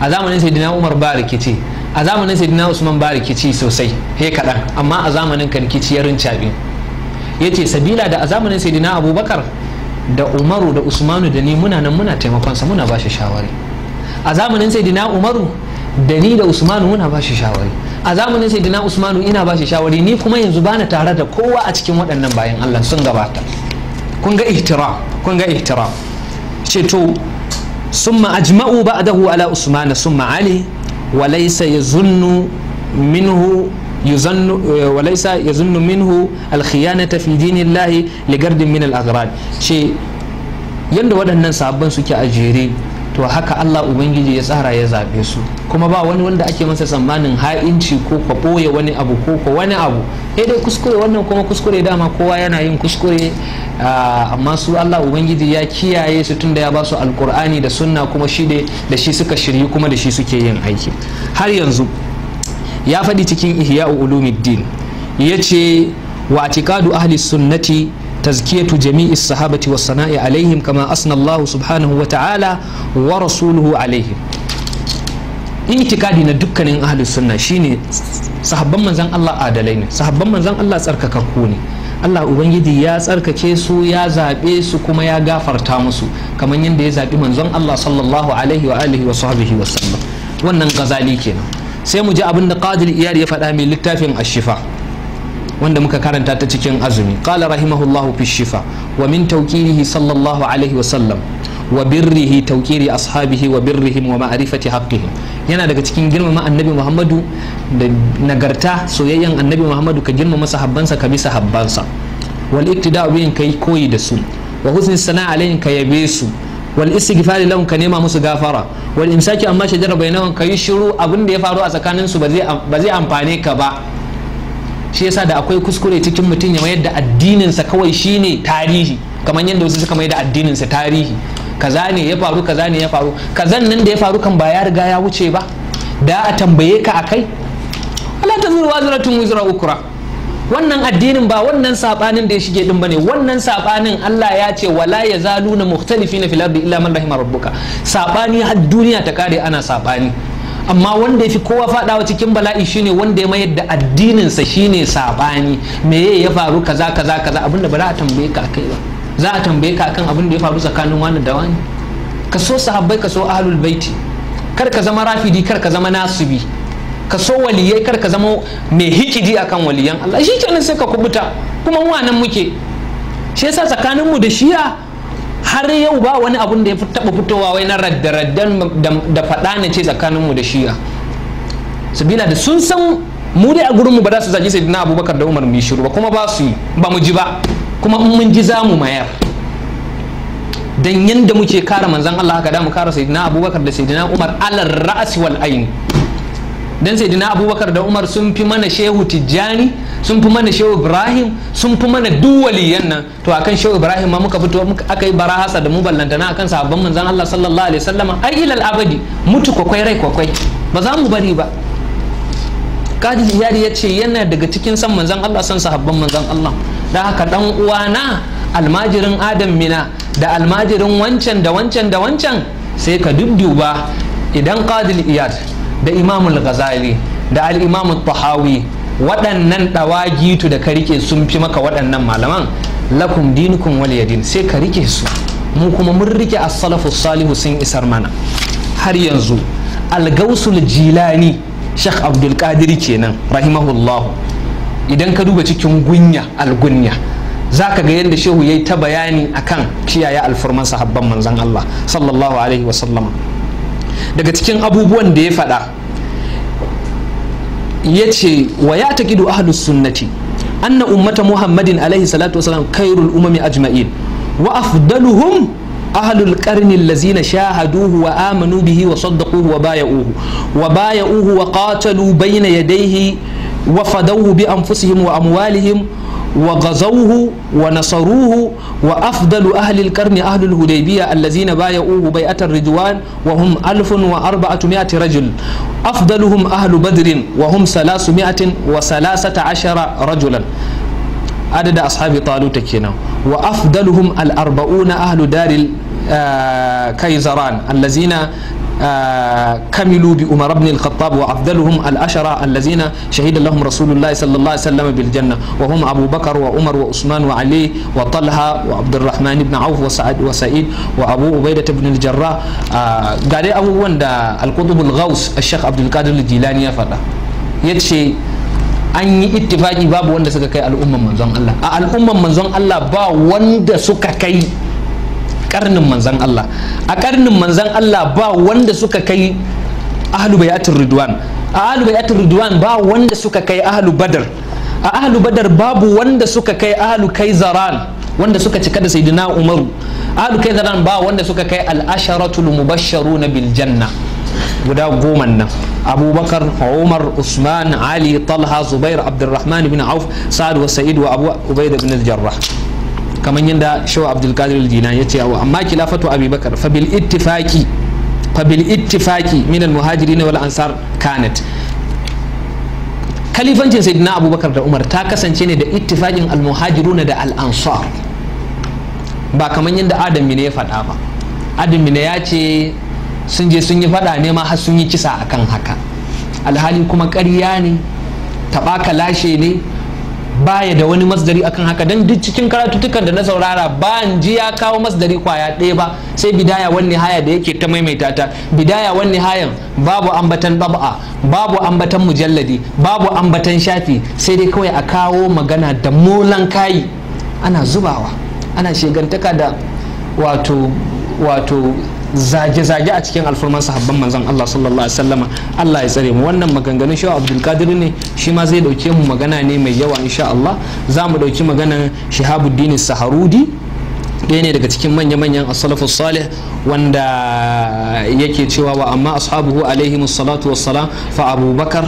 a zamanin sayyidina Umar ba rikici a zamanin sayyidina Usman ba rikici sosai he kaɗan amma a zamanin ka rikici ya rincaɓe ya ce sabila da a zamanin saidina abubakar da umaru da usmanu da ni muna nan muna taimakonsa muna ba shi shawari a zamanin saidina umaru da ni da usmanu muna ba shi shawari a zamanin saidina usmanu ina ba shi shawari ni kuma yanzu bana tare da kowa a cikin waɗannan bayan allah sun gabata kun ga ihtira kun ga ihtira ce to summa ajma'u ba'dahu ala usmana summa ali wa laysa yazunnu minhu walaisa wa laysa yazunnu minhu al fi dinillahi li gardin min al-aghrad ce yanda waɗannan sabon suke a jere to haka Allah Ubangiji ya tsara ya zabe su kuma ba wani wanda ake masa tsammanin ha'inci ko ka wani abu ko ka wani abu dai kuskure wannan kuma kuskure dama kowa yana yin kuskure amma su Allah Ubangiji ya kiyaye su tunda ya ba su alkur'ani da sunna kuma shi da shi suka shiryu kuma da shi suke yin aiki har yanzu ya faɗi cikin ihya ulumuddin ya ce wa tikadu ahli sunnati tazkiyatu jami'is sahabati was sana'i alaihim kama asna Allah subhanahu wa ta'ala wa rasuluhu alaihim itikadi na dukkanin ahli sunna shine sahabban manzan Allah adalai ne sahabban manzan Allah tsarkakakku ne Allah Ubangiji ya tsarkake su ya zaɓe su kuma ya gafarta musu kamar yadda ya zaɓi manzon Allah sallallahu alaihi wa alihi wa sahbihi wa sallam wannan gazali kenan sai mu ji abin da qadil iyali ya faɗa mai littafin ashifa wanda muka karanta ta cikin azumi qala rahimahullahu fi shifa wa min tawqirihi sallallahu alaihi wa sallam wa birrihi tawqiri ashabihi wa birrihim wa ma'rifati haqqihim yana daga cikin girmama annabi Muhammadu da nagarta soyayyen annabi Muhammadu ka girmama sahabbansa ka bi sahabbansa wal iktida'u bihim kai koyi da su wa husni sana'a alaihim ka yabe su wal istighfari lahum ka nema musu gafara wal imsaki amma shajara bainahum ka yi shiru abin da ya faru a tsakanin su ba zai amfane ka ba shi yasa da akwai kuskure cikin mutum ya mayar da addinin sa kawai shine tarihi kamar yadda wasu suka mayar da addinin sa tarihi kaza ne ya faru kaza ne ya faru kazan nan da ya faru kan ba ya riga ya wuce ba da a tambaye ka akai wala tazuru wazratun wizra ukra wannan addinin ba wannan sabanin da ya shige din bane wannan saɓanin Allah ya ce wala ya na mukhtalifina fil ardi illa man rahima rabbuka sabani har duniya ta kare ana sabani amma wanda ya fi kowa faɗawa cikin bala'i shine wanda ya mayar da addininsa shine sabani me ya faru kaza kaza kaza abinda ba za a tambaye ka ba za a tambaye ka kan abinda ya faru tsakanin wani da wani ka so sahabbai ka so ahlul baiti kar ka zama rafidi kar ka zama nasibi ka so waliyai kar ka zama mai hikidi akan waliyan Allah shi kenan sai ka kubuta kuma mu nan muke shi yasa tsakanin mu da shiya har yau ba wani abun da ya taba fitowa wai na raddaraddan da faɗa na ce tsakanin mu da shiya sabila da sun san mu dai a gurin mu ba za su zaji sai na abubakar da umar mu shiru ba kuma ba su ba mu ji ba kuma in mun ji za mu mayar dan yanda muke kara manzon Allah haka da mu kara sayyidina abubakar da sayyidina umar alal ra'si wal ayn dan saidina abubakar da umar sun fi mana shehu tijjani sun fi mana shehu ibrahim sun fi mana duwali yannan. nan to akan shehu ibrahim ma muka fito aka yi barahasa da mu ballantana akan sahabban manzan Allah sallallahu alaihi wasallama Ai ilal abadi mutu kwakwai rai kwakwai ba za mu bari ba kadi yari ya ce yana daga cikin san manzan Allah san sahabban manzan Allah da haka dan uwana almajirin adam mina da almajirin wancan da wancan da wancan sai ka dubduba idan qadil iyad da imamul ghazali da al-imamul tahawi waɗannan ɗawagitu da ka rike sun fi maka waɗannan malaman lakum dinukum waliyadin sai ka rike su mu kuma mun rike as-salafu salihu sun isar mana har yanzu al-gausul jilani Sheikh Abdul Qadir kenan rahimahullahu idan ka duba cikin gunya algunya gunya zaka ga yadda shehu yayi ta bayani akan kiyaye alfurman sahabban manzon Allah sallallahu alaihi wa sallama daga cikin abubuwan da ya faɗa ya ce wa ya taƙidu ahalus sunnati anna ummata muhammadin alaihi salatu wasalam kairul umami ajma'in wa afdaluhum ahlul qarni lazina shahaduhu wa amanu bihi wa saddaquhu wa baya'uhu wa baya'uhu wa qatalu bayna yadayhi wa fadawhu bi anfusihim wa amwalihim wa gazauhu wa nasaruhu wa afdalu ahli alqarni ahli alhudaybiya allazina bay'uhu bay'atar ridwan wa hum alfun wa arba'atu mi'ati rajul afdaluhum ahlu badrin wa hum salasu mi'atin wa salasata ashara rajulan adada ashabi taluta kenan wa afdaluhum al-arba'una eh, kaizaran kamilu bi umar ibn al-khattab wa afdaluhum al-ashara allazina shahida lahum rasulullah sallallahu alaihi wasallam bil janna wa hum abu bakar wa umar wa usman wa ali wa talha wa abdurrahman ibn auf wa sa'id wa sa'id abu ubaidah ibn al-jarrah ga dai abubuwan da al-qutb al-ghaus al-sheikh jilani ya faɗa yace anyi yi ittifaki babu wanda suka kai al'umma manzon Allah a al'umman manzon Allah ba wanda suka kai karnin manzan Allah a karnin manzan Allah ba wanda suka kai ahlu bayatul ridwan a ahlu bayatul ridwan ba wanda suka kai ahlu badar a ahlu badar babu wanda suka kai ahlu kaizaran wanda suka cika da sayyidina umaru ahlu kaizaran ba wanda suka kai al-asharatul na bil janna guda goman nan abubakar umar usman ali talha zubair abdulrahman bin auf sa'ad wa sa'id wa abu ubaid bin al-jarrah kamar yadda shawar abdulkadir jina ya ce amma khilafatu abi bakar fa bil ittifaqi fa bil ittifaqi min al muhajirin wal ansar kanat kalifancin sayyidina abubakar da umar ta kasance ne da ittifakin al na da al ansar ba kamar yadda adam mine ya faɗa ba adam mine ya ce sun je sun yi faɗa ne ma har sun yi kisa akan haka alhali kuma ƙarya ne taɓaka lashe ne baya da wani masdari akan haka dan duk cikin karatutukan da na saurara ba ji ya kawo masdari kwaya ɗaya ba sai bidaya wani haya da yake ta maimaita ta bidaya wani hayan babu ambatan bab'a babu ambatan mujalladi babu ambatan shafi sai dai kawai a kawo magana da molan kayi ana zubawa ana shegantaka da wato wato zage-zage a cikin alfurman sahabban manzan Allah sallallahu alaihi wasallama Allah ya tsare mu wannan maganganun Shehu Abdul Qadir ne shi ma zai dauke mu magana ne mai yawa insha Allah za mu dauki maganan Shihabuddin Saharudi ɗaya ne daga cikin manya-manyan asalafus salih wanda yake cewa wa amma ashabuhu alaihi musallatu wassalam fa abubakar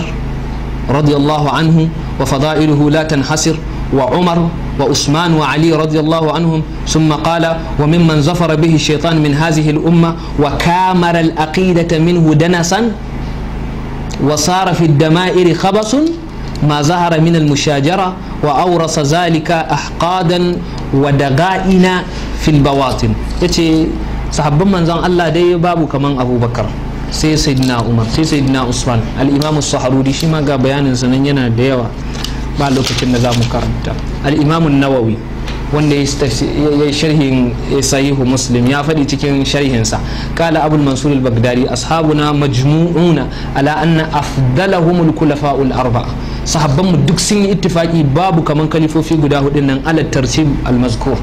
radiyallahu anhu wa fada'iluhu la tanhasir وعمر وعثمان وعلي رضي الله عنهم ثم قال وممن زفر به الشيطان من هذه الأمة وكامر الأقيدة منه دنسا وصار في الدمائر خبص ما ظهر من المشاجرة وأورث ذلك أحقادا ودغائن في البواطن يتي صحاب من زان الله دي بابو كمان أبو بكر سي سيدنا عمر سي سيدنا عثمان الإمام الصحرودي شما بيان سنين ينا ديوا ba lokacin da za mu karanta al'imamun nawawi wanda ya yi sharhin sahihu muslim ya faɗi cikin sharhinsa kala abul mansur al-baghdadi ashabuna majmu'una ala anna afdalahum al-khulafa al-arba'a sahabbanmu duk sun yi ittifaki babu kaman kalifofi guda hudun nan ala tartib al-mazkur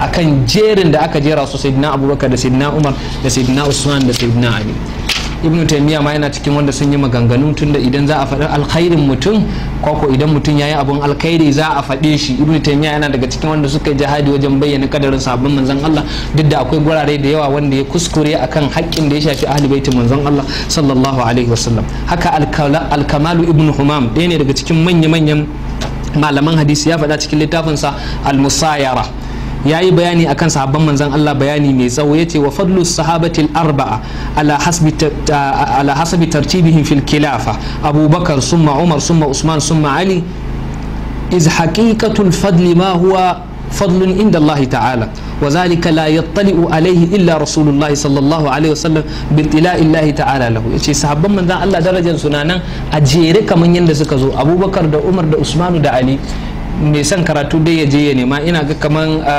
akan jerin da aka jera su sayyidina abubakar da sayyidina umar da sayyidina usman da sayyidina ali ibn taymiya ma yana cikin wanda sun yi maganganu da idan za a faɗi alkhairin mutum ko idan mutum ya yi abun alkhairi za a faɗe shi ibn taymiya yana daga cikin wanda suka yi jihadi wajen bayyana kadarin sabon manzon Allah duk da akwai gurare da yawa wanda ya kuskure akan haƙƙin da ya shafi ahli baiti manzon Allah sallallahu alaihi wasallam haka alkamalu ibn humam ɗaya ne daga cikin manya-manyan malaman hadisi ya faɗa cikin littafinsa al-musayara yayi bayani akan sahabban manzon Allah bayani mai tsawo yace wa fadlu sahabati al arba'a ala hasbi ala hasbi tartibihim fil khilafa Abu Bakar summa umar summa usman summa ali iz haqiqatu al-fadl ma huwa فضل عند الله تعالى وذلك لا يطلع عليه الا رسول الله صلى الله عليه وسلم ilahi الله تعالى له sahabban manzan من darajar su nan a jere kaman yanda suka zo abubakar da umar da usmanu da ali mai son karatu dai ya je ya nema ina ga kamar a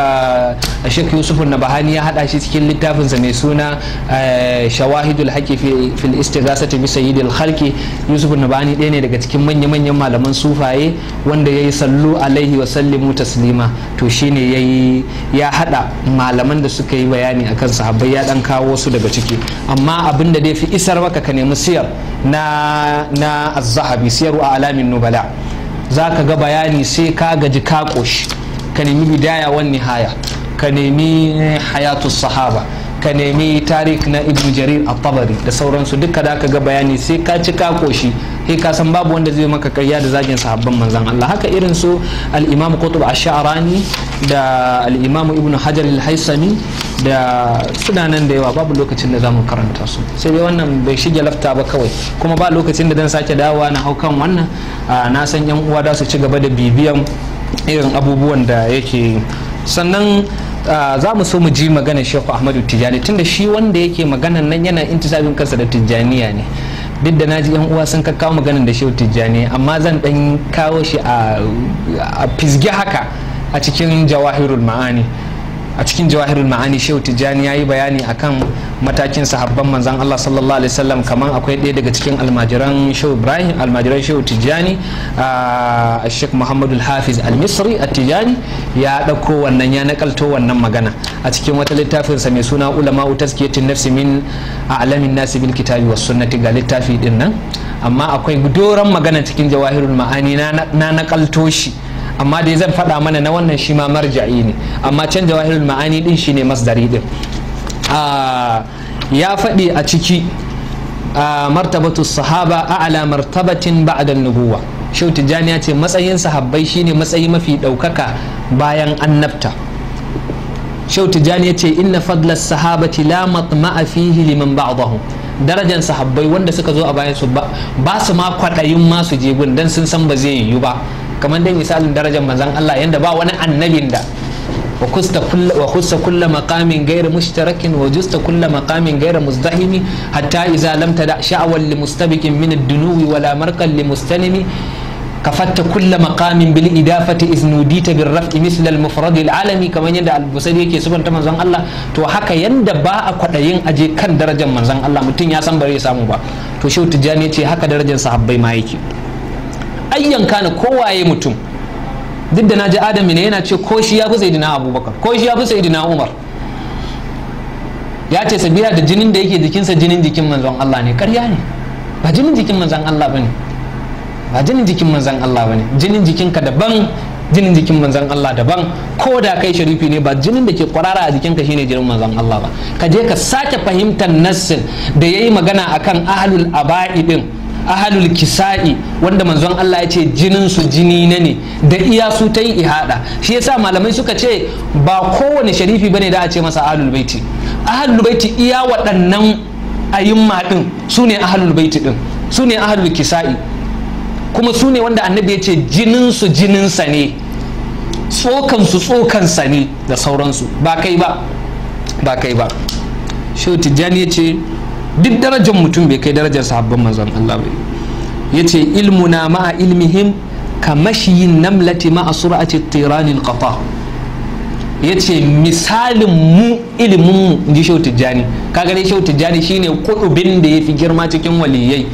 ah, shek yusuf na bahani ya hada shi cikin littafinsa mai suna eh, shawahidul haƙi fil istighasati bi sayyidil halki yusuf na bahani ɗaya ne daga cikin manya manyan malaman sufaye wanda ya yi sallu alaihi wa sallimu taslima to shi ne ya hada malaman da suka yi bayani a akan sahabbai ya dan kawo su daga ciki amma abin da dai fi isar maka ka nemi siyar na na az-zahabi siyaru a alamin nubala za ka ga bayani sai ka gaji ka ƙoshi ka nemi bidaya wan nihaya ka nemi hayatu sahaba ka nemi tarik na ibn jarir a tabari da sauransu duka da ka ga bayani sai ka ci ka ƙoshi sai ka san babu wanda zai maka karya da zagin sahabban manzan Allah haka irin su al-imam qutb ash-sha'rani da al-imam ibn hajar al-haisami da suna nan da yawa babu lokacin da zamu karanta su sai dai wannan bai shige lafta ba kawai kuma ba lokacin da zan sake dawowa na hau kan wannan na san yan uwa da su ci gaba da bibiyan irin abubuwan da yake sannan za mu so mu ji magana shehu ahmadu tijjani tunda shi wanda yake magana nan yana intisabin kansa da tijjaniya ne duk da naji yan uwa sun kakkawo maganan da shehu tijjani amma zan dan kawo shi a fisge haka a cikin jawahirul ma'ani a cikin jawahirul ma'ani shehu Tijani ya yi bayani akan matakin sahabban manzan allah sallallahu alaihi wasallam kamar akwai ɗaya daga cikin almajiran shehu ibrahim almajiran shehu Tijani a sheikh muhammadu hafiz al-misri a Tijani ya ɗauko wannan ya nakalto wannan magana a cikin wata littafinsa mai suna ulama taskiyatin nafsi min a'lamin nasi bil kitabi was sunnati ga littafi din nan amma akwai doran magana cikin jawahirul ma'ani na nakalto shi amma dai zan faɗa mana na wannan shi ma marja'i ne amma canja jawahirul ma'ani din shine masdari din ah, ya faɗi a ciki ah, martabatu sahaba a'la martabatin ba'da nubuwa shau tijjani ya ce matsayin sahabbai shine matsayi mafi ɗaukaka bayan annabta shau tijjani ya ce inna fadlar sahabati la matma'a fihi liman darajan sahabbai wanda suka zo a bayan su ba su ma kwaɗayin masu su je dan sun san ba zai yiwu ba kamar dai misalin darajar manzan Allah yadda ba wani annabin da wa kusta kulla makamin gairi mushtarakin wa justa kulla makamin gairi muzdahimi hatta izalamta da sha'awar li mustabikin min dunuwi wala markan li mustanimi ka fatta kulla makamin bil idafati iznudita bil rafi misli al mufradi alami kamar yadda al busari yake subanta manzan Allah to haka yanda ba a kwadayin aje kan darajar manzon Allah mutum ya san ba samu ba to shehu tijani ce haka darajar sahabbai ma yake ayyan kana kowaye mutum duk da naji adam ne yana ce ko shi ya fi sayyidina abubakar ko shi ya fi sayyidina umar ya ce sabila da jinin da yake jikinsa jinin jikin manzon Allah ne ƙarya ne ba jinin jikin manzon Allah bane ba jinin jikin manzon Allah bane jinin jikinka daban jinin jikin manzon Allah daban ko da kai sharifi ne ba jinin da ke kwarara a jikinka shine jinin manzon Allah ba ka je ka sake fahimtar nassin da yayi magana akan ahlul abaidin din ahalul kisa'i wanda manzon Allah ya ce jinin su jini na ne da iya su ta yi ihada shi yasa malamai suka ce ba kowane sharifi bane da a ce masa ahalul baiti ahalul baiti iya waɗannan ayin din su ne ahalul baiti din su ne ahalul kisa'i kuma su ne wanda annabi ya ce jinin su jinin sa ne tsokan su ne da sauransu ba kai ba ba kai ba shi tijjani ya ce duk darajar mutum bai kai darajar sahabban manzon Allah ba ilmu ilmuna ma'a ilmihim ka mashiyin namlati ma'a sur'ati kafa qata yace misalin mu ilimin mu ji shau tijjani kaga dai shau tijjani shine kudubin da ya fi girma cikin waliyai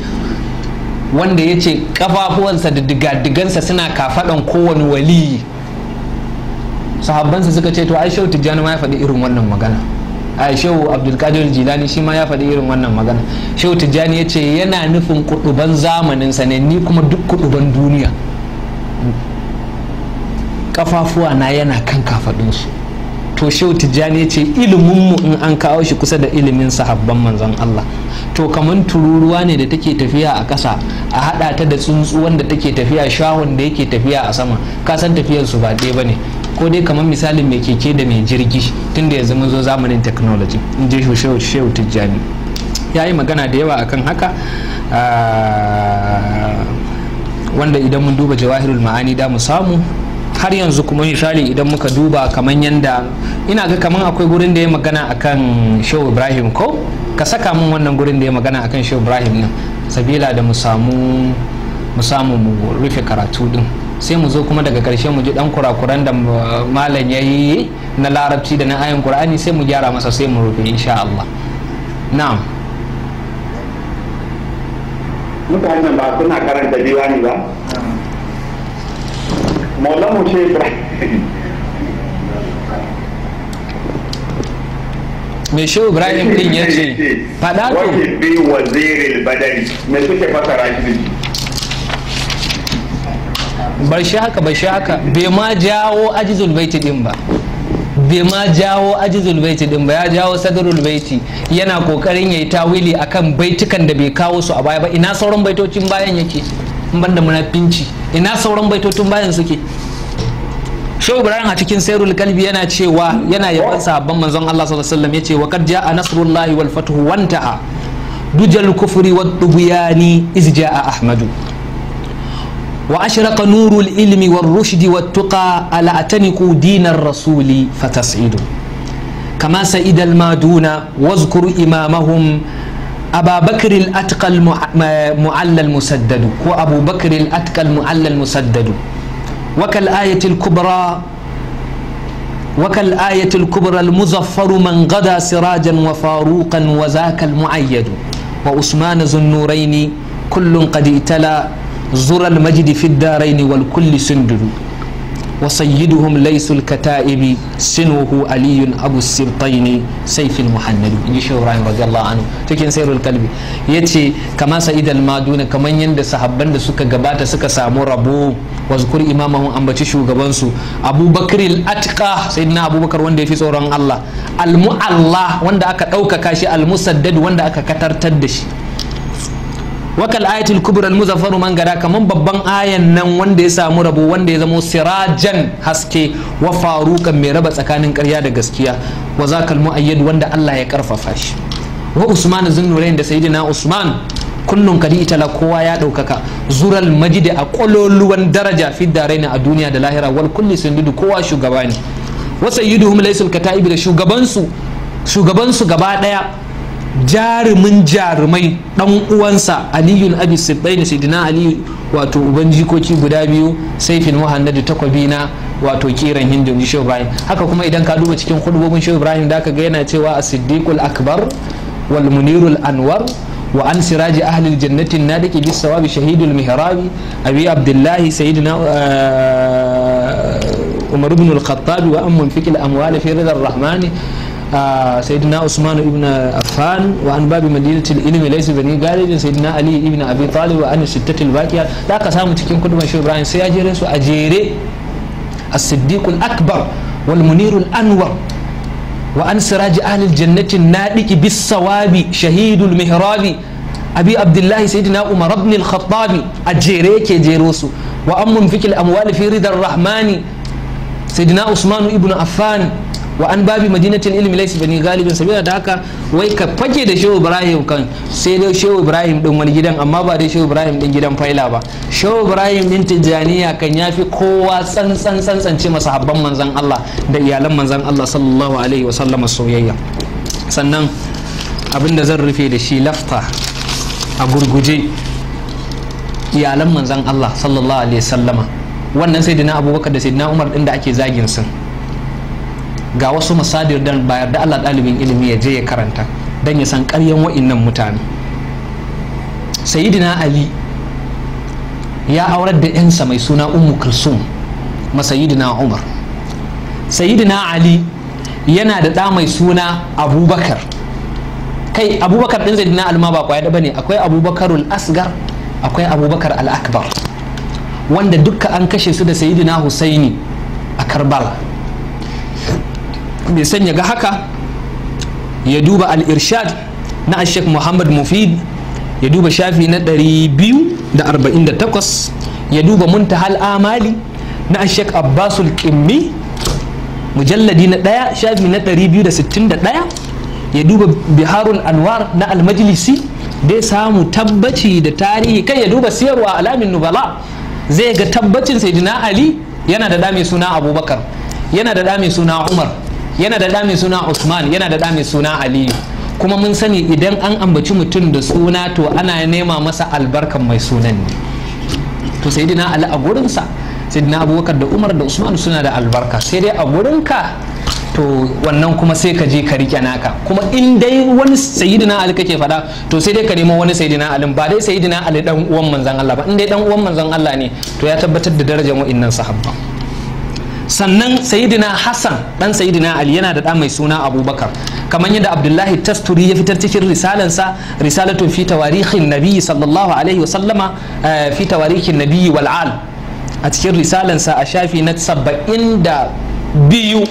wanda yace kafafuwansa da digadigansa suna kafadan kowane waliyi sahabbansa suka ce to ai shau tijjani ma ya faɗi irin wannan magana a shehu abdulkadir jilani shi ma ya faɗi irin wannan magana shehu tijjani ya ce yana nufin kuduban sa ne ni kuma duk kuduban duniya kafafuwa na yana kan kafadunsu to shehu tijjani ya ce mu in an kawo shi kusa da ilimin sahabban manzon Allah to kamar tururuwa ne da take tafiya a ƙasa a haɗa ta da tsuntsu wanda take tafiya shahon da yake tafiya a sama ka san tafiyar su ba ɗaya bane ko dai kamar misalin mai keke da mai jirgi tunda ya zama zo zamanin technology in je shehu tijjani ya yi magana da yawa akan haka ah, wanda idan mun duba jawahirul ma'ani da mu samu har yanzu kuma misali idan muka duba kamar yanda ina ga kamar akwai gurin da ya magana akan shehu ibrahim ko ka saka min wannan gurin da ya magana akan shehu ibrahim nan sabila da mu samu mu samu mu rufe karatu din sai mu zo kuma daga karshe mu ji dan kurakuran da malam ya yi na larabci da na ayan qur'ani sai mu gyara masa sai mu rufe insha Allah na'am mutane ba suna karanta diwani ba maulamu shi mai shi ibrahim din ya ce fada ko wajibi wazirin badari me suke fasara shi bar shi haka bar shi haka bai ma jawo ajizul baiti din ba bai ma jawo ajizul baiti din ba ya jawo sadrul baiti yana kokarin yayi tawili akan baitukan da bai kawo su a baya ba ina sauran baitocin bayan yake in banda munafinci ina sauran baitocin bayan suke Shehu Ibrahim a cikin sayrul Kalbi yana cewa yana yaban sahabban manzon Allah sallallahu alaihi wasallam yace wa qad ja'a nasrullahi wal fathu wanta'a dujal kufri wad dubyani izja'a ahmadu وأشرق نور العلم والرشد والتقى ألا أتنقوا دين الرسول فتسعدوا كما سئد المادون واذكروا إمامهم أبا بكر الأتقى المعلى المسدد وأبو بكر الأتقى المعلى المسدد وكالآية الكبرى وكالآية الكبرى المظفر من غدا سراجا وفاروقا وذاك المعيد وعثمان ذو النورين كل قد ائتلى zural majidi fi daraini wal kulli sundudu wa sayyiduhum laysul kata'ibi sinuhu aliyun abu sirtaini sayfil muhannadu in ji shehu cikin kalbi kama sa'id al maduna kaman yadda sahabban da suka gabata suka samu rabo wasu kuri imamahu ambaci shugaban su abubakar al atqa sayyidina abubakar wanda tsoron Allah al mu'alla wanda aka ɗaukaka shi al wanda aka katartar da shi wakal ayatul kubra muzaffaru man gada kaman babban ayan nan wanda ya samu rabo wanda ya zamo sirajan haske wa faruqan mai raba tsakanin ƙarya da gaskiya wa zakal muayyad wanda Allah ya karfafa shi wa usman zunnurain da sayyidina usman kullun kadi itala kowa ya daukaka zural majid a kololuwan daraja fi daraina a duniya da lahira wal kulli sundudu kowa shugaba ne wa sayyiduhum laysul kata'ib da shugabansu shugabansu gaba daya jarumin jarumai dan uwansa aliyu abi sibbaini sidina ali wato uban jikoki guda biyu saifin muhammadu takwabi na wato kiran hindu ji shehu ibrahim haka kuma idan ka duba cikin hudubobin shehu ibrahim da aka ga yana cewa a siddiqul akbar wal munirul anwar wa an siraji ahlil jannati dake bisa sawabi shahidul mihrabi abi abdullahi sayyidina uh, umar ibn al-khattab wa amman fikil amwal fi ridar rahmani آه، سيدنا عثمان ابن عفان وان باب مدينة العلم ليس بني قالج سيدنا علي ابن أبي طالب وان سته الباقية لا قسام تكين كل ما شو إبراهيم سيأجير سأجير الصديق الأكبر والمنير الأنور وان سراج أهل الجنة النادق بالصواب شهيد المهراب أبي عبد الله سيدنا عمر بن الخطاب اجيري كي جيروسو وأم فيك الأموال في رضا الرحمن سيدنا عثمان ابن عفان wa an babi madinatul ilmi laysa bani galibin sabila da haka wai ka fage da shehu ibrahim kan sai dai shehu ibrahim din wani gidan amma ba dai shehu ibrahim din gidan faila ba shehu ibrahim din tijaniya kan yafi kowa tsantsan tsantsance masahabban manzon Allah da iyalan manzon Allah sallallahu alaihi wa sallama soyayya sannan abinda zan rufe da shi lafta a gurguje iyalan manzon Allah sallallahu alaihi wa sallama wannan sayyidina abubakar da sayyidina umar din da ake zagin sun ga wasu misali dan bayar da Allah ɗalibin ilimi ya je ya karanta don ya san ƙaryan wa'innan mutane sayidina ali ya aurar da yansa mai suna ummu kulsum masayidina umar sayidina ali yana da ɗa mai suna abubakar kai abubakar ɗin sayidina alma ba kwaya da bane akwai abubakarul asgar akwai abubakar al-akbar wanda duka an kashe su da sayidina husaini a karbala mai sanya ya ga haka ya duba al-irshad na ashek muhammad mufid ya duba shafi na 248 ya duba muntahal amali na ashek abbasul kimmi mujalladi na ɗaya shafi na 261 ya duba biharun anwar na almajlisi dai samu tabbaci da tarihi kai ya duba siyarwa alamin nubala zai ga tabbacin sayyidina ali yana da dami suna abubakar yana da dami suna umar yana da ɗa mai suna usman yana da ɗa mai suna aliyu kuma mun sani idan an ambaci mutum da suna to ana nema masa albarkan mai sunan ne to sai dina ali a gurinsa sai dina abubakar da umar da usman suna da albarka sai dai a gurinka to wannan kuma sai ka je ka rike naka kuma in dai wani sayyidina ali kake fada to sai dai ka nemo wani sayyidina ali ba dai sayyidina ali dan uwan manzon Allah ba in dai dan uwan manzon Allah ne to ya tabbatar da darajar wa'annan sahabban sannan sayidina hassan dan sayidina ali yana da ɗa mai suna abubakar kamar yadda abdullahi tasturi ya fitar cikin risalansa risalatun fi tawarihin nabiyyi sallallahu alaihi wa sallama eh, fi tawarihin nabiyyi wal al a cikin risalansa a shafi na saba'in da biyu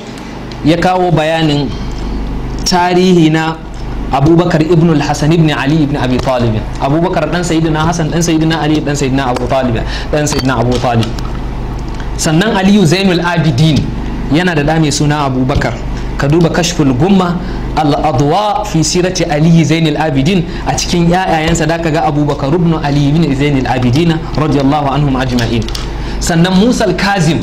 ya kawo bayanin tarihi na abubakar ibn al-hasan ibn ali ibn abi talib abubakar dan sayidina hasan dan sayidina ali dan sayidina abu talib dan sayidina abu talib sannan aliyu zainul abidin yana da mai suna abubakar ka duba kashful gumma al'adwa fi sirati ali zainul abidin a cikin yayayensa da ka ga abubakar ibn ali ibn zainul abidin radiyallahu anhum ajma'in sannan musa al-kazim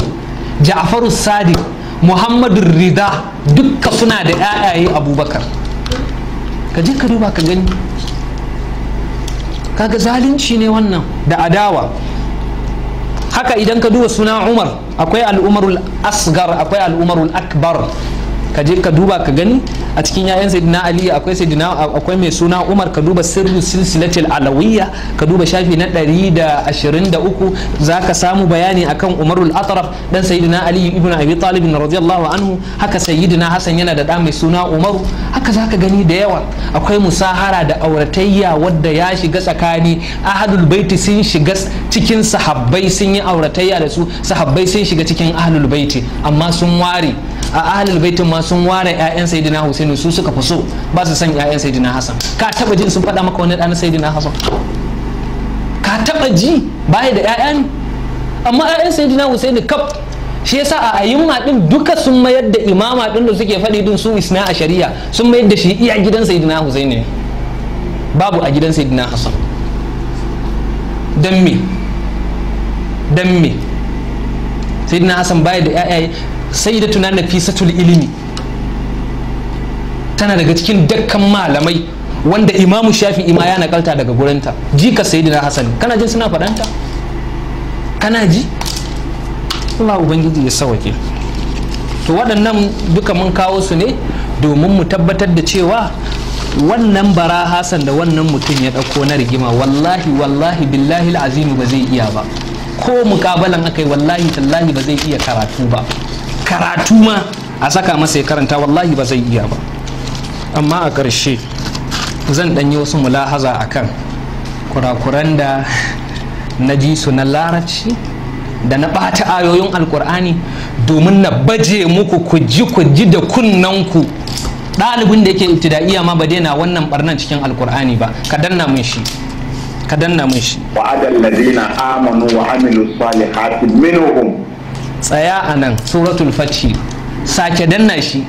ja'faru sadiq muhammadu rida dukka suna da yayaye abubakar ka je ka duba ka gani kaga zalunci ne wannan da adawa haka idan ka duba suna umar akwai al'umarul asgar akwai al'umarul akbar ka je ka duba ka gani a cikin yayan sayyidina ali akwai sayyidina akwai mai suna umar ka duba sirri silsilatil alawiyya ka duba shafi na ɗari da da ashirin 123 zaka samu bayani akan umarul atraf dan sayyidina Aliyu ibn abi talib radiyallahu anhu haka sayyidina hasan yana da da mai suna umaru haka zaka gani da yawa akwai musahara da auratayya wadda ya shiga tsakani ahadul baiti sun shiga cikin sahabbai sun yi auratayya da su sahabbai sun shiga cikin ahlul baiti amma sun ware a ahlul baitin ma sun ware ƴaƴan sayyidina husaini su suka fi so ba su san ƴaƴan sayyidina Hassan ka taba jin sun faɗa maka wani ɗan sayyidina Hassan ka taba ji baya da ƴaƴan amma ƴaƴan sayyidina husaini kaf shi yasa a ayyuma din duka sun mayar da imama din da suke faɗi din su isna a shari'a sun mayar da shi iya gidan sayyidina husaini babu a gidan sayyidina Hassan dan me dan me sayyidina Hassan baya da ƴaƴa sai da tunan nafisatul ilimi tana daga cikin dakkan malamai wanda imamu shafi ima ya nakalta daga gurinta jika sayyidina hasan kana jin suna faɗanta kana ji Allah ubangiji ya sawake to waɗannan duka mun kawo su ne domin mu tabbatar da cewa wannan bara hasan da wannan mutum ya ɗauko na rigima wallahi wallahi billahi azimu ba zai iya ba ko mukabalan aka yi wallahi tallahi ba zai iya karatu ba karatu ma a saka masa ya karanta wallahi ba zai iya ba amma a ƙarshe zan ɗanyi wasu mulahaza a kan kurakuran da na ji su na larabci da na ɓata ayoyin alkur'ani domin na baje muku ku ji ku ji da kunnanku ɗalibin da yake ibtida'iya ma ba daina wannan barnan cikin alkur'ani ba ka danna mun shi ka danna mun shi wa'adal amanu wa amilu salihati minhum tsaya a nan suratul fatshi sake danna shi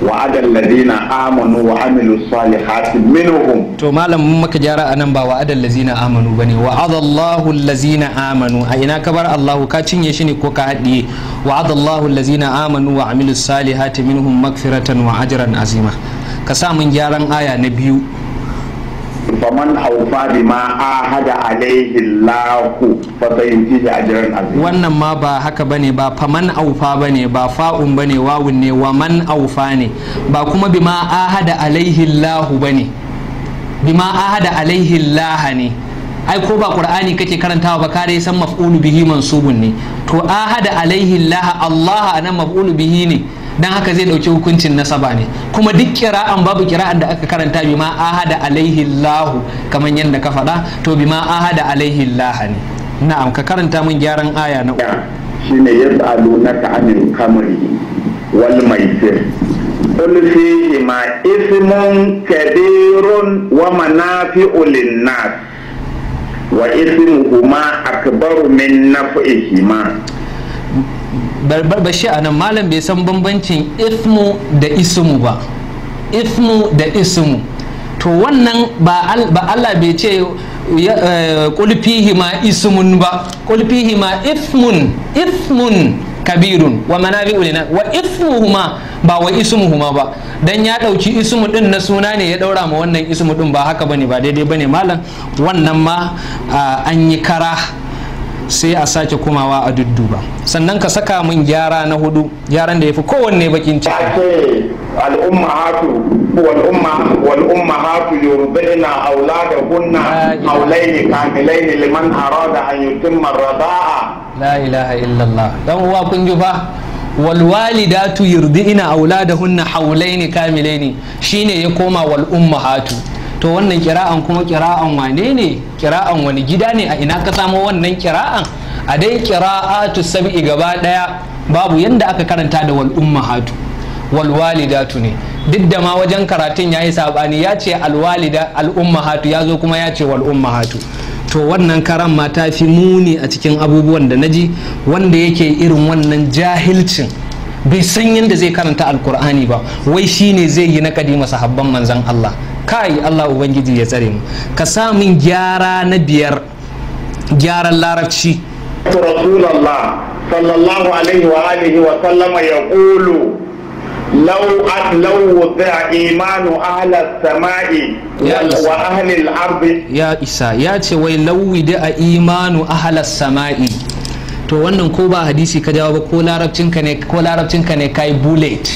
wa'adar lazina amanu wa amilu salihati minhum to malam mun maka gyara a nan ba wa'adar lazina amanu bane wa'adallahu lazina amanu a ina kabar allahu ka cinye shi ne ko ka haɗiye wa'adallahu lazina amanu wa amilu salihati minhum magfiratan wa ajran azima ka sa mun gyaran aya na biyu faman aufa bima ahada alaihi allahu da wannan ma ba haka bane ba faman aufa bane ba fa'un bane wawun ne wa man aufa ne ba kuma bima ahada alaihi Allahu bane bima ahada alaihi Laha ne ai ko ba qur'ani kake karantawa ba kare san maf'ulu bihi mansubun ne to ahada alaihi Allah Allah anan maf'ulu bihi ne dan haka zai ɗauki hukuncin nasaba ne kuma duk kira'an babu kira'an da aka karanta bima ahada alaihi Lahu kamar yadda ka faɗa to bima ahada alaihi Laha ne na'am ka karanta min gyaran aya na uku shine yas'alunaka anil khamri wal maisir قل فيهما إثم كبير ومنافع للناس وإثمهما أكبر ma barbar bashi a nan malam bai san bambancin ismu da ismu ba ismu da ismu to wannan ba Allah bai ce kulfihima eh, ma ismun ba kulfihima ma ismun kabirun wa manabi ulina wa ismuhuma ba wa ismuhuma ba dan ya dauki ismu din na suna ne ya daura ma wannan ismu din ba haka bane ba daidai bane malam wannan ma ah, an yi kara sai a sake kumawa a dudduba sannan ka saka min gyara na hudu gyaran da ya fi kowanne bakin ciki al'umma hatu والأمهات يرضعن أولادهن حولين da لمن أراد أن يتم الرضاعة لا إله إلا الله دم هو to wannan kira'an kuma kira'an wane ne kira'an wani gida ne a ina ka samu wannan kira'an a dai kira'atu sab'i gaba daya babu yadda aka karanta da wal'umma hatu walwalidatu ne duk da ma wajen karatun ya yi sabani ya ce alwalida al'ummahatu ya zo kuma ya ce wal'ummahatu to wannan karan ma ta fi muni a cikin abubuwan da naji wanda yake irin wannan jahilcin bai san yadda zai karanta alkur'ani ba wai shine zai yi na kadima sahabban manzan Allah kai Allah ubangiji ya tsare mu ka sa min gyara na biyar gyaran larabci rasulullah sallallahu alaihi wa alihi wa sallama لو لو وضع إيمان أهل السماء وأهل الأرض يا إسا يا تشوي لو وضع إيمان أهل السماء to wannan ko ba hadisi ka jawo ba ko larabcinka ne ko larabcinka ne kai bullet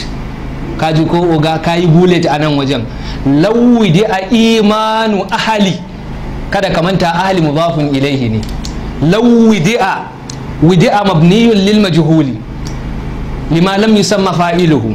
ji ko oga kai bullet a nan wajen lawwidi a imanu ahali kada ka manta ahali mudafun ilaihi ne lawwidi a widi a mabniyun lil majhuli lima lam yusamma fa'iluhu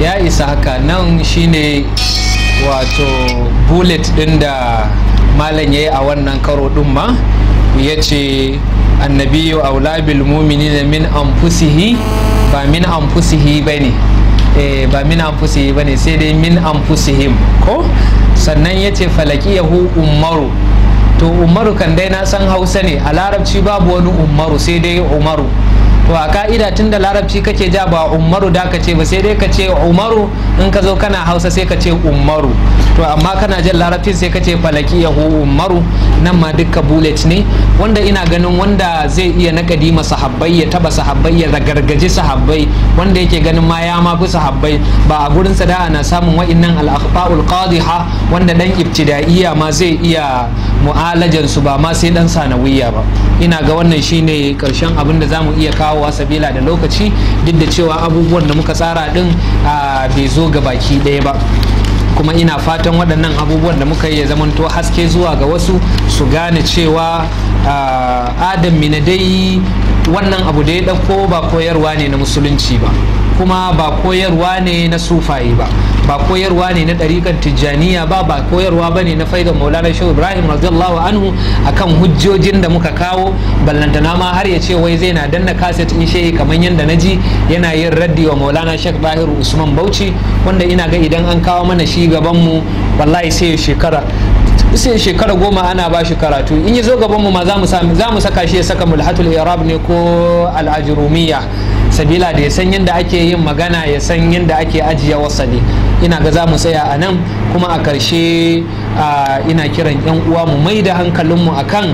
ya isa haka nan shine wato bullet din da malam ya yi a wannan karo din ma ya ce annabiyu aula mumini da min anfusihi ba min anfusihi ba eh ba min anfusihi ne sai dai min anfusihim ko sannan ya ce falaki yahu umaru to umaru kan dai na san hausa ne a larabci babu wani umaru sai dai umaru to a ka'ida tun da larabci kake ja ba umaru da ka ce ba sai dai ka ce umaru in ka zo kana hausa sai ka ce umaru to amma kana jan larabcin sai ka ce falaki yahu umaru nan ma dukka bullet ne wanda ina ganin wanda zai iya na kadima sahabbai ya taba sahabbai ya ragargaji sahabbai wanda yake ganin ma ya ma sahabbai ba a gurin sada'a na samun wa'innan al-akhfa'ul qadiha wanda dan ibtida'iya ma zai iya mu'alajar su ba ma sai dan sanawiya ba ina ga wannan shine karshen abin da zamu iya kawowa sabila da lokaci duk da cewa abubuwan da muka tsara din bai zo ga baki ɗaya ba kuma ina fatan waɗannan abubuwan da muka yi zamanto haske zuwa ga wasu su gane cewa adam dai wannan abu da ya ɗauko ba koyarwa ne na musulunci ba kuma ba koyarwa ne na sufaye ba ba koyarwa ne na ɗarikar tijjaniya ba ba koyarwa ba ne na faidan maulana shehu ibrahim radiyallahu anhu kan hujjojin da muka kawo ballanta nama har ya ce wai zai na danna kaset in shehi kamar yadda na ji yana yin raddi wa maulana shek bahiru usman bauchi wanda ina ga idan an kawo mana shi gabanmu wallahi sai shekara sai shekara goma ana ba shi karatu in yi zo gabanmu ma za mu saka shi ya saka mulhatul irab ne ko al'ajirumiyya sabila da ya san yadda ake yin magana ya san yadda ake ajiye wasali ina ga za mu tsaya a nan kuma a karshe ina kiran yan uwa mu mai da hankalinmu kan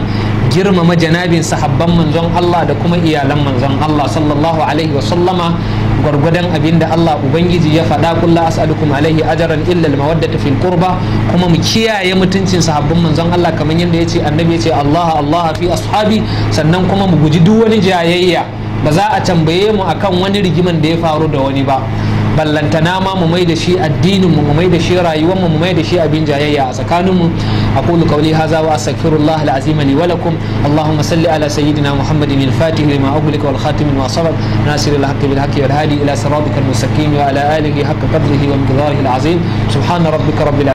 girmama janabin sahabban manzon Allah da kuma iyalan manzon Allah sallallahu alaihi wa sallama gwargwadon abin da Allah Ubangiji ya faɗa kulla as'alukum alaihi ajaran illa mawaddata fi kurba kuma mu kiyaye mutuncin sahabban manzon Allah kamar yadda yace annabi yace Allah Allah fi ashabi sannan kuma mu guji duk wani jayayya ba za a tambaye mu akan wani rigiman da ya faru da wani ba ballanta nama mu mai da shi addinin mu mai da shi rayuwar mu mai da shi abin jayayya a tsakanin mu aqulu qawli hadha wa astaghfirullah alazim li wa lakum salli ala sayyidina muhammadin al-fatih lima ughliqa wal khatim wa sabab nasir al-haqq bil haqqi wal hadi ila siratikal mustaqim wa ala alihi haqq qadrihi wa miqdarihi al-azim subhana rabbika rabbil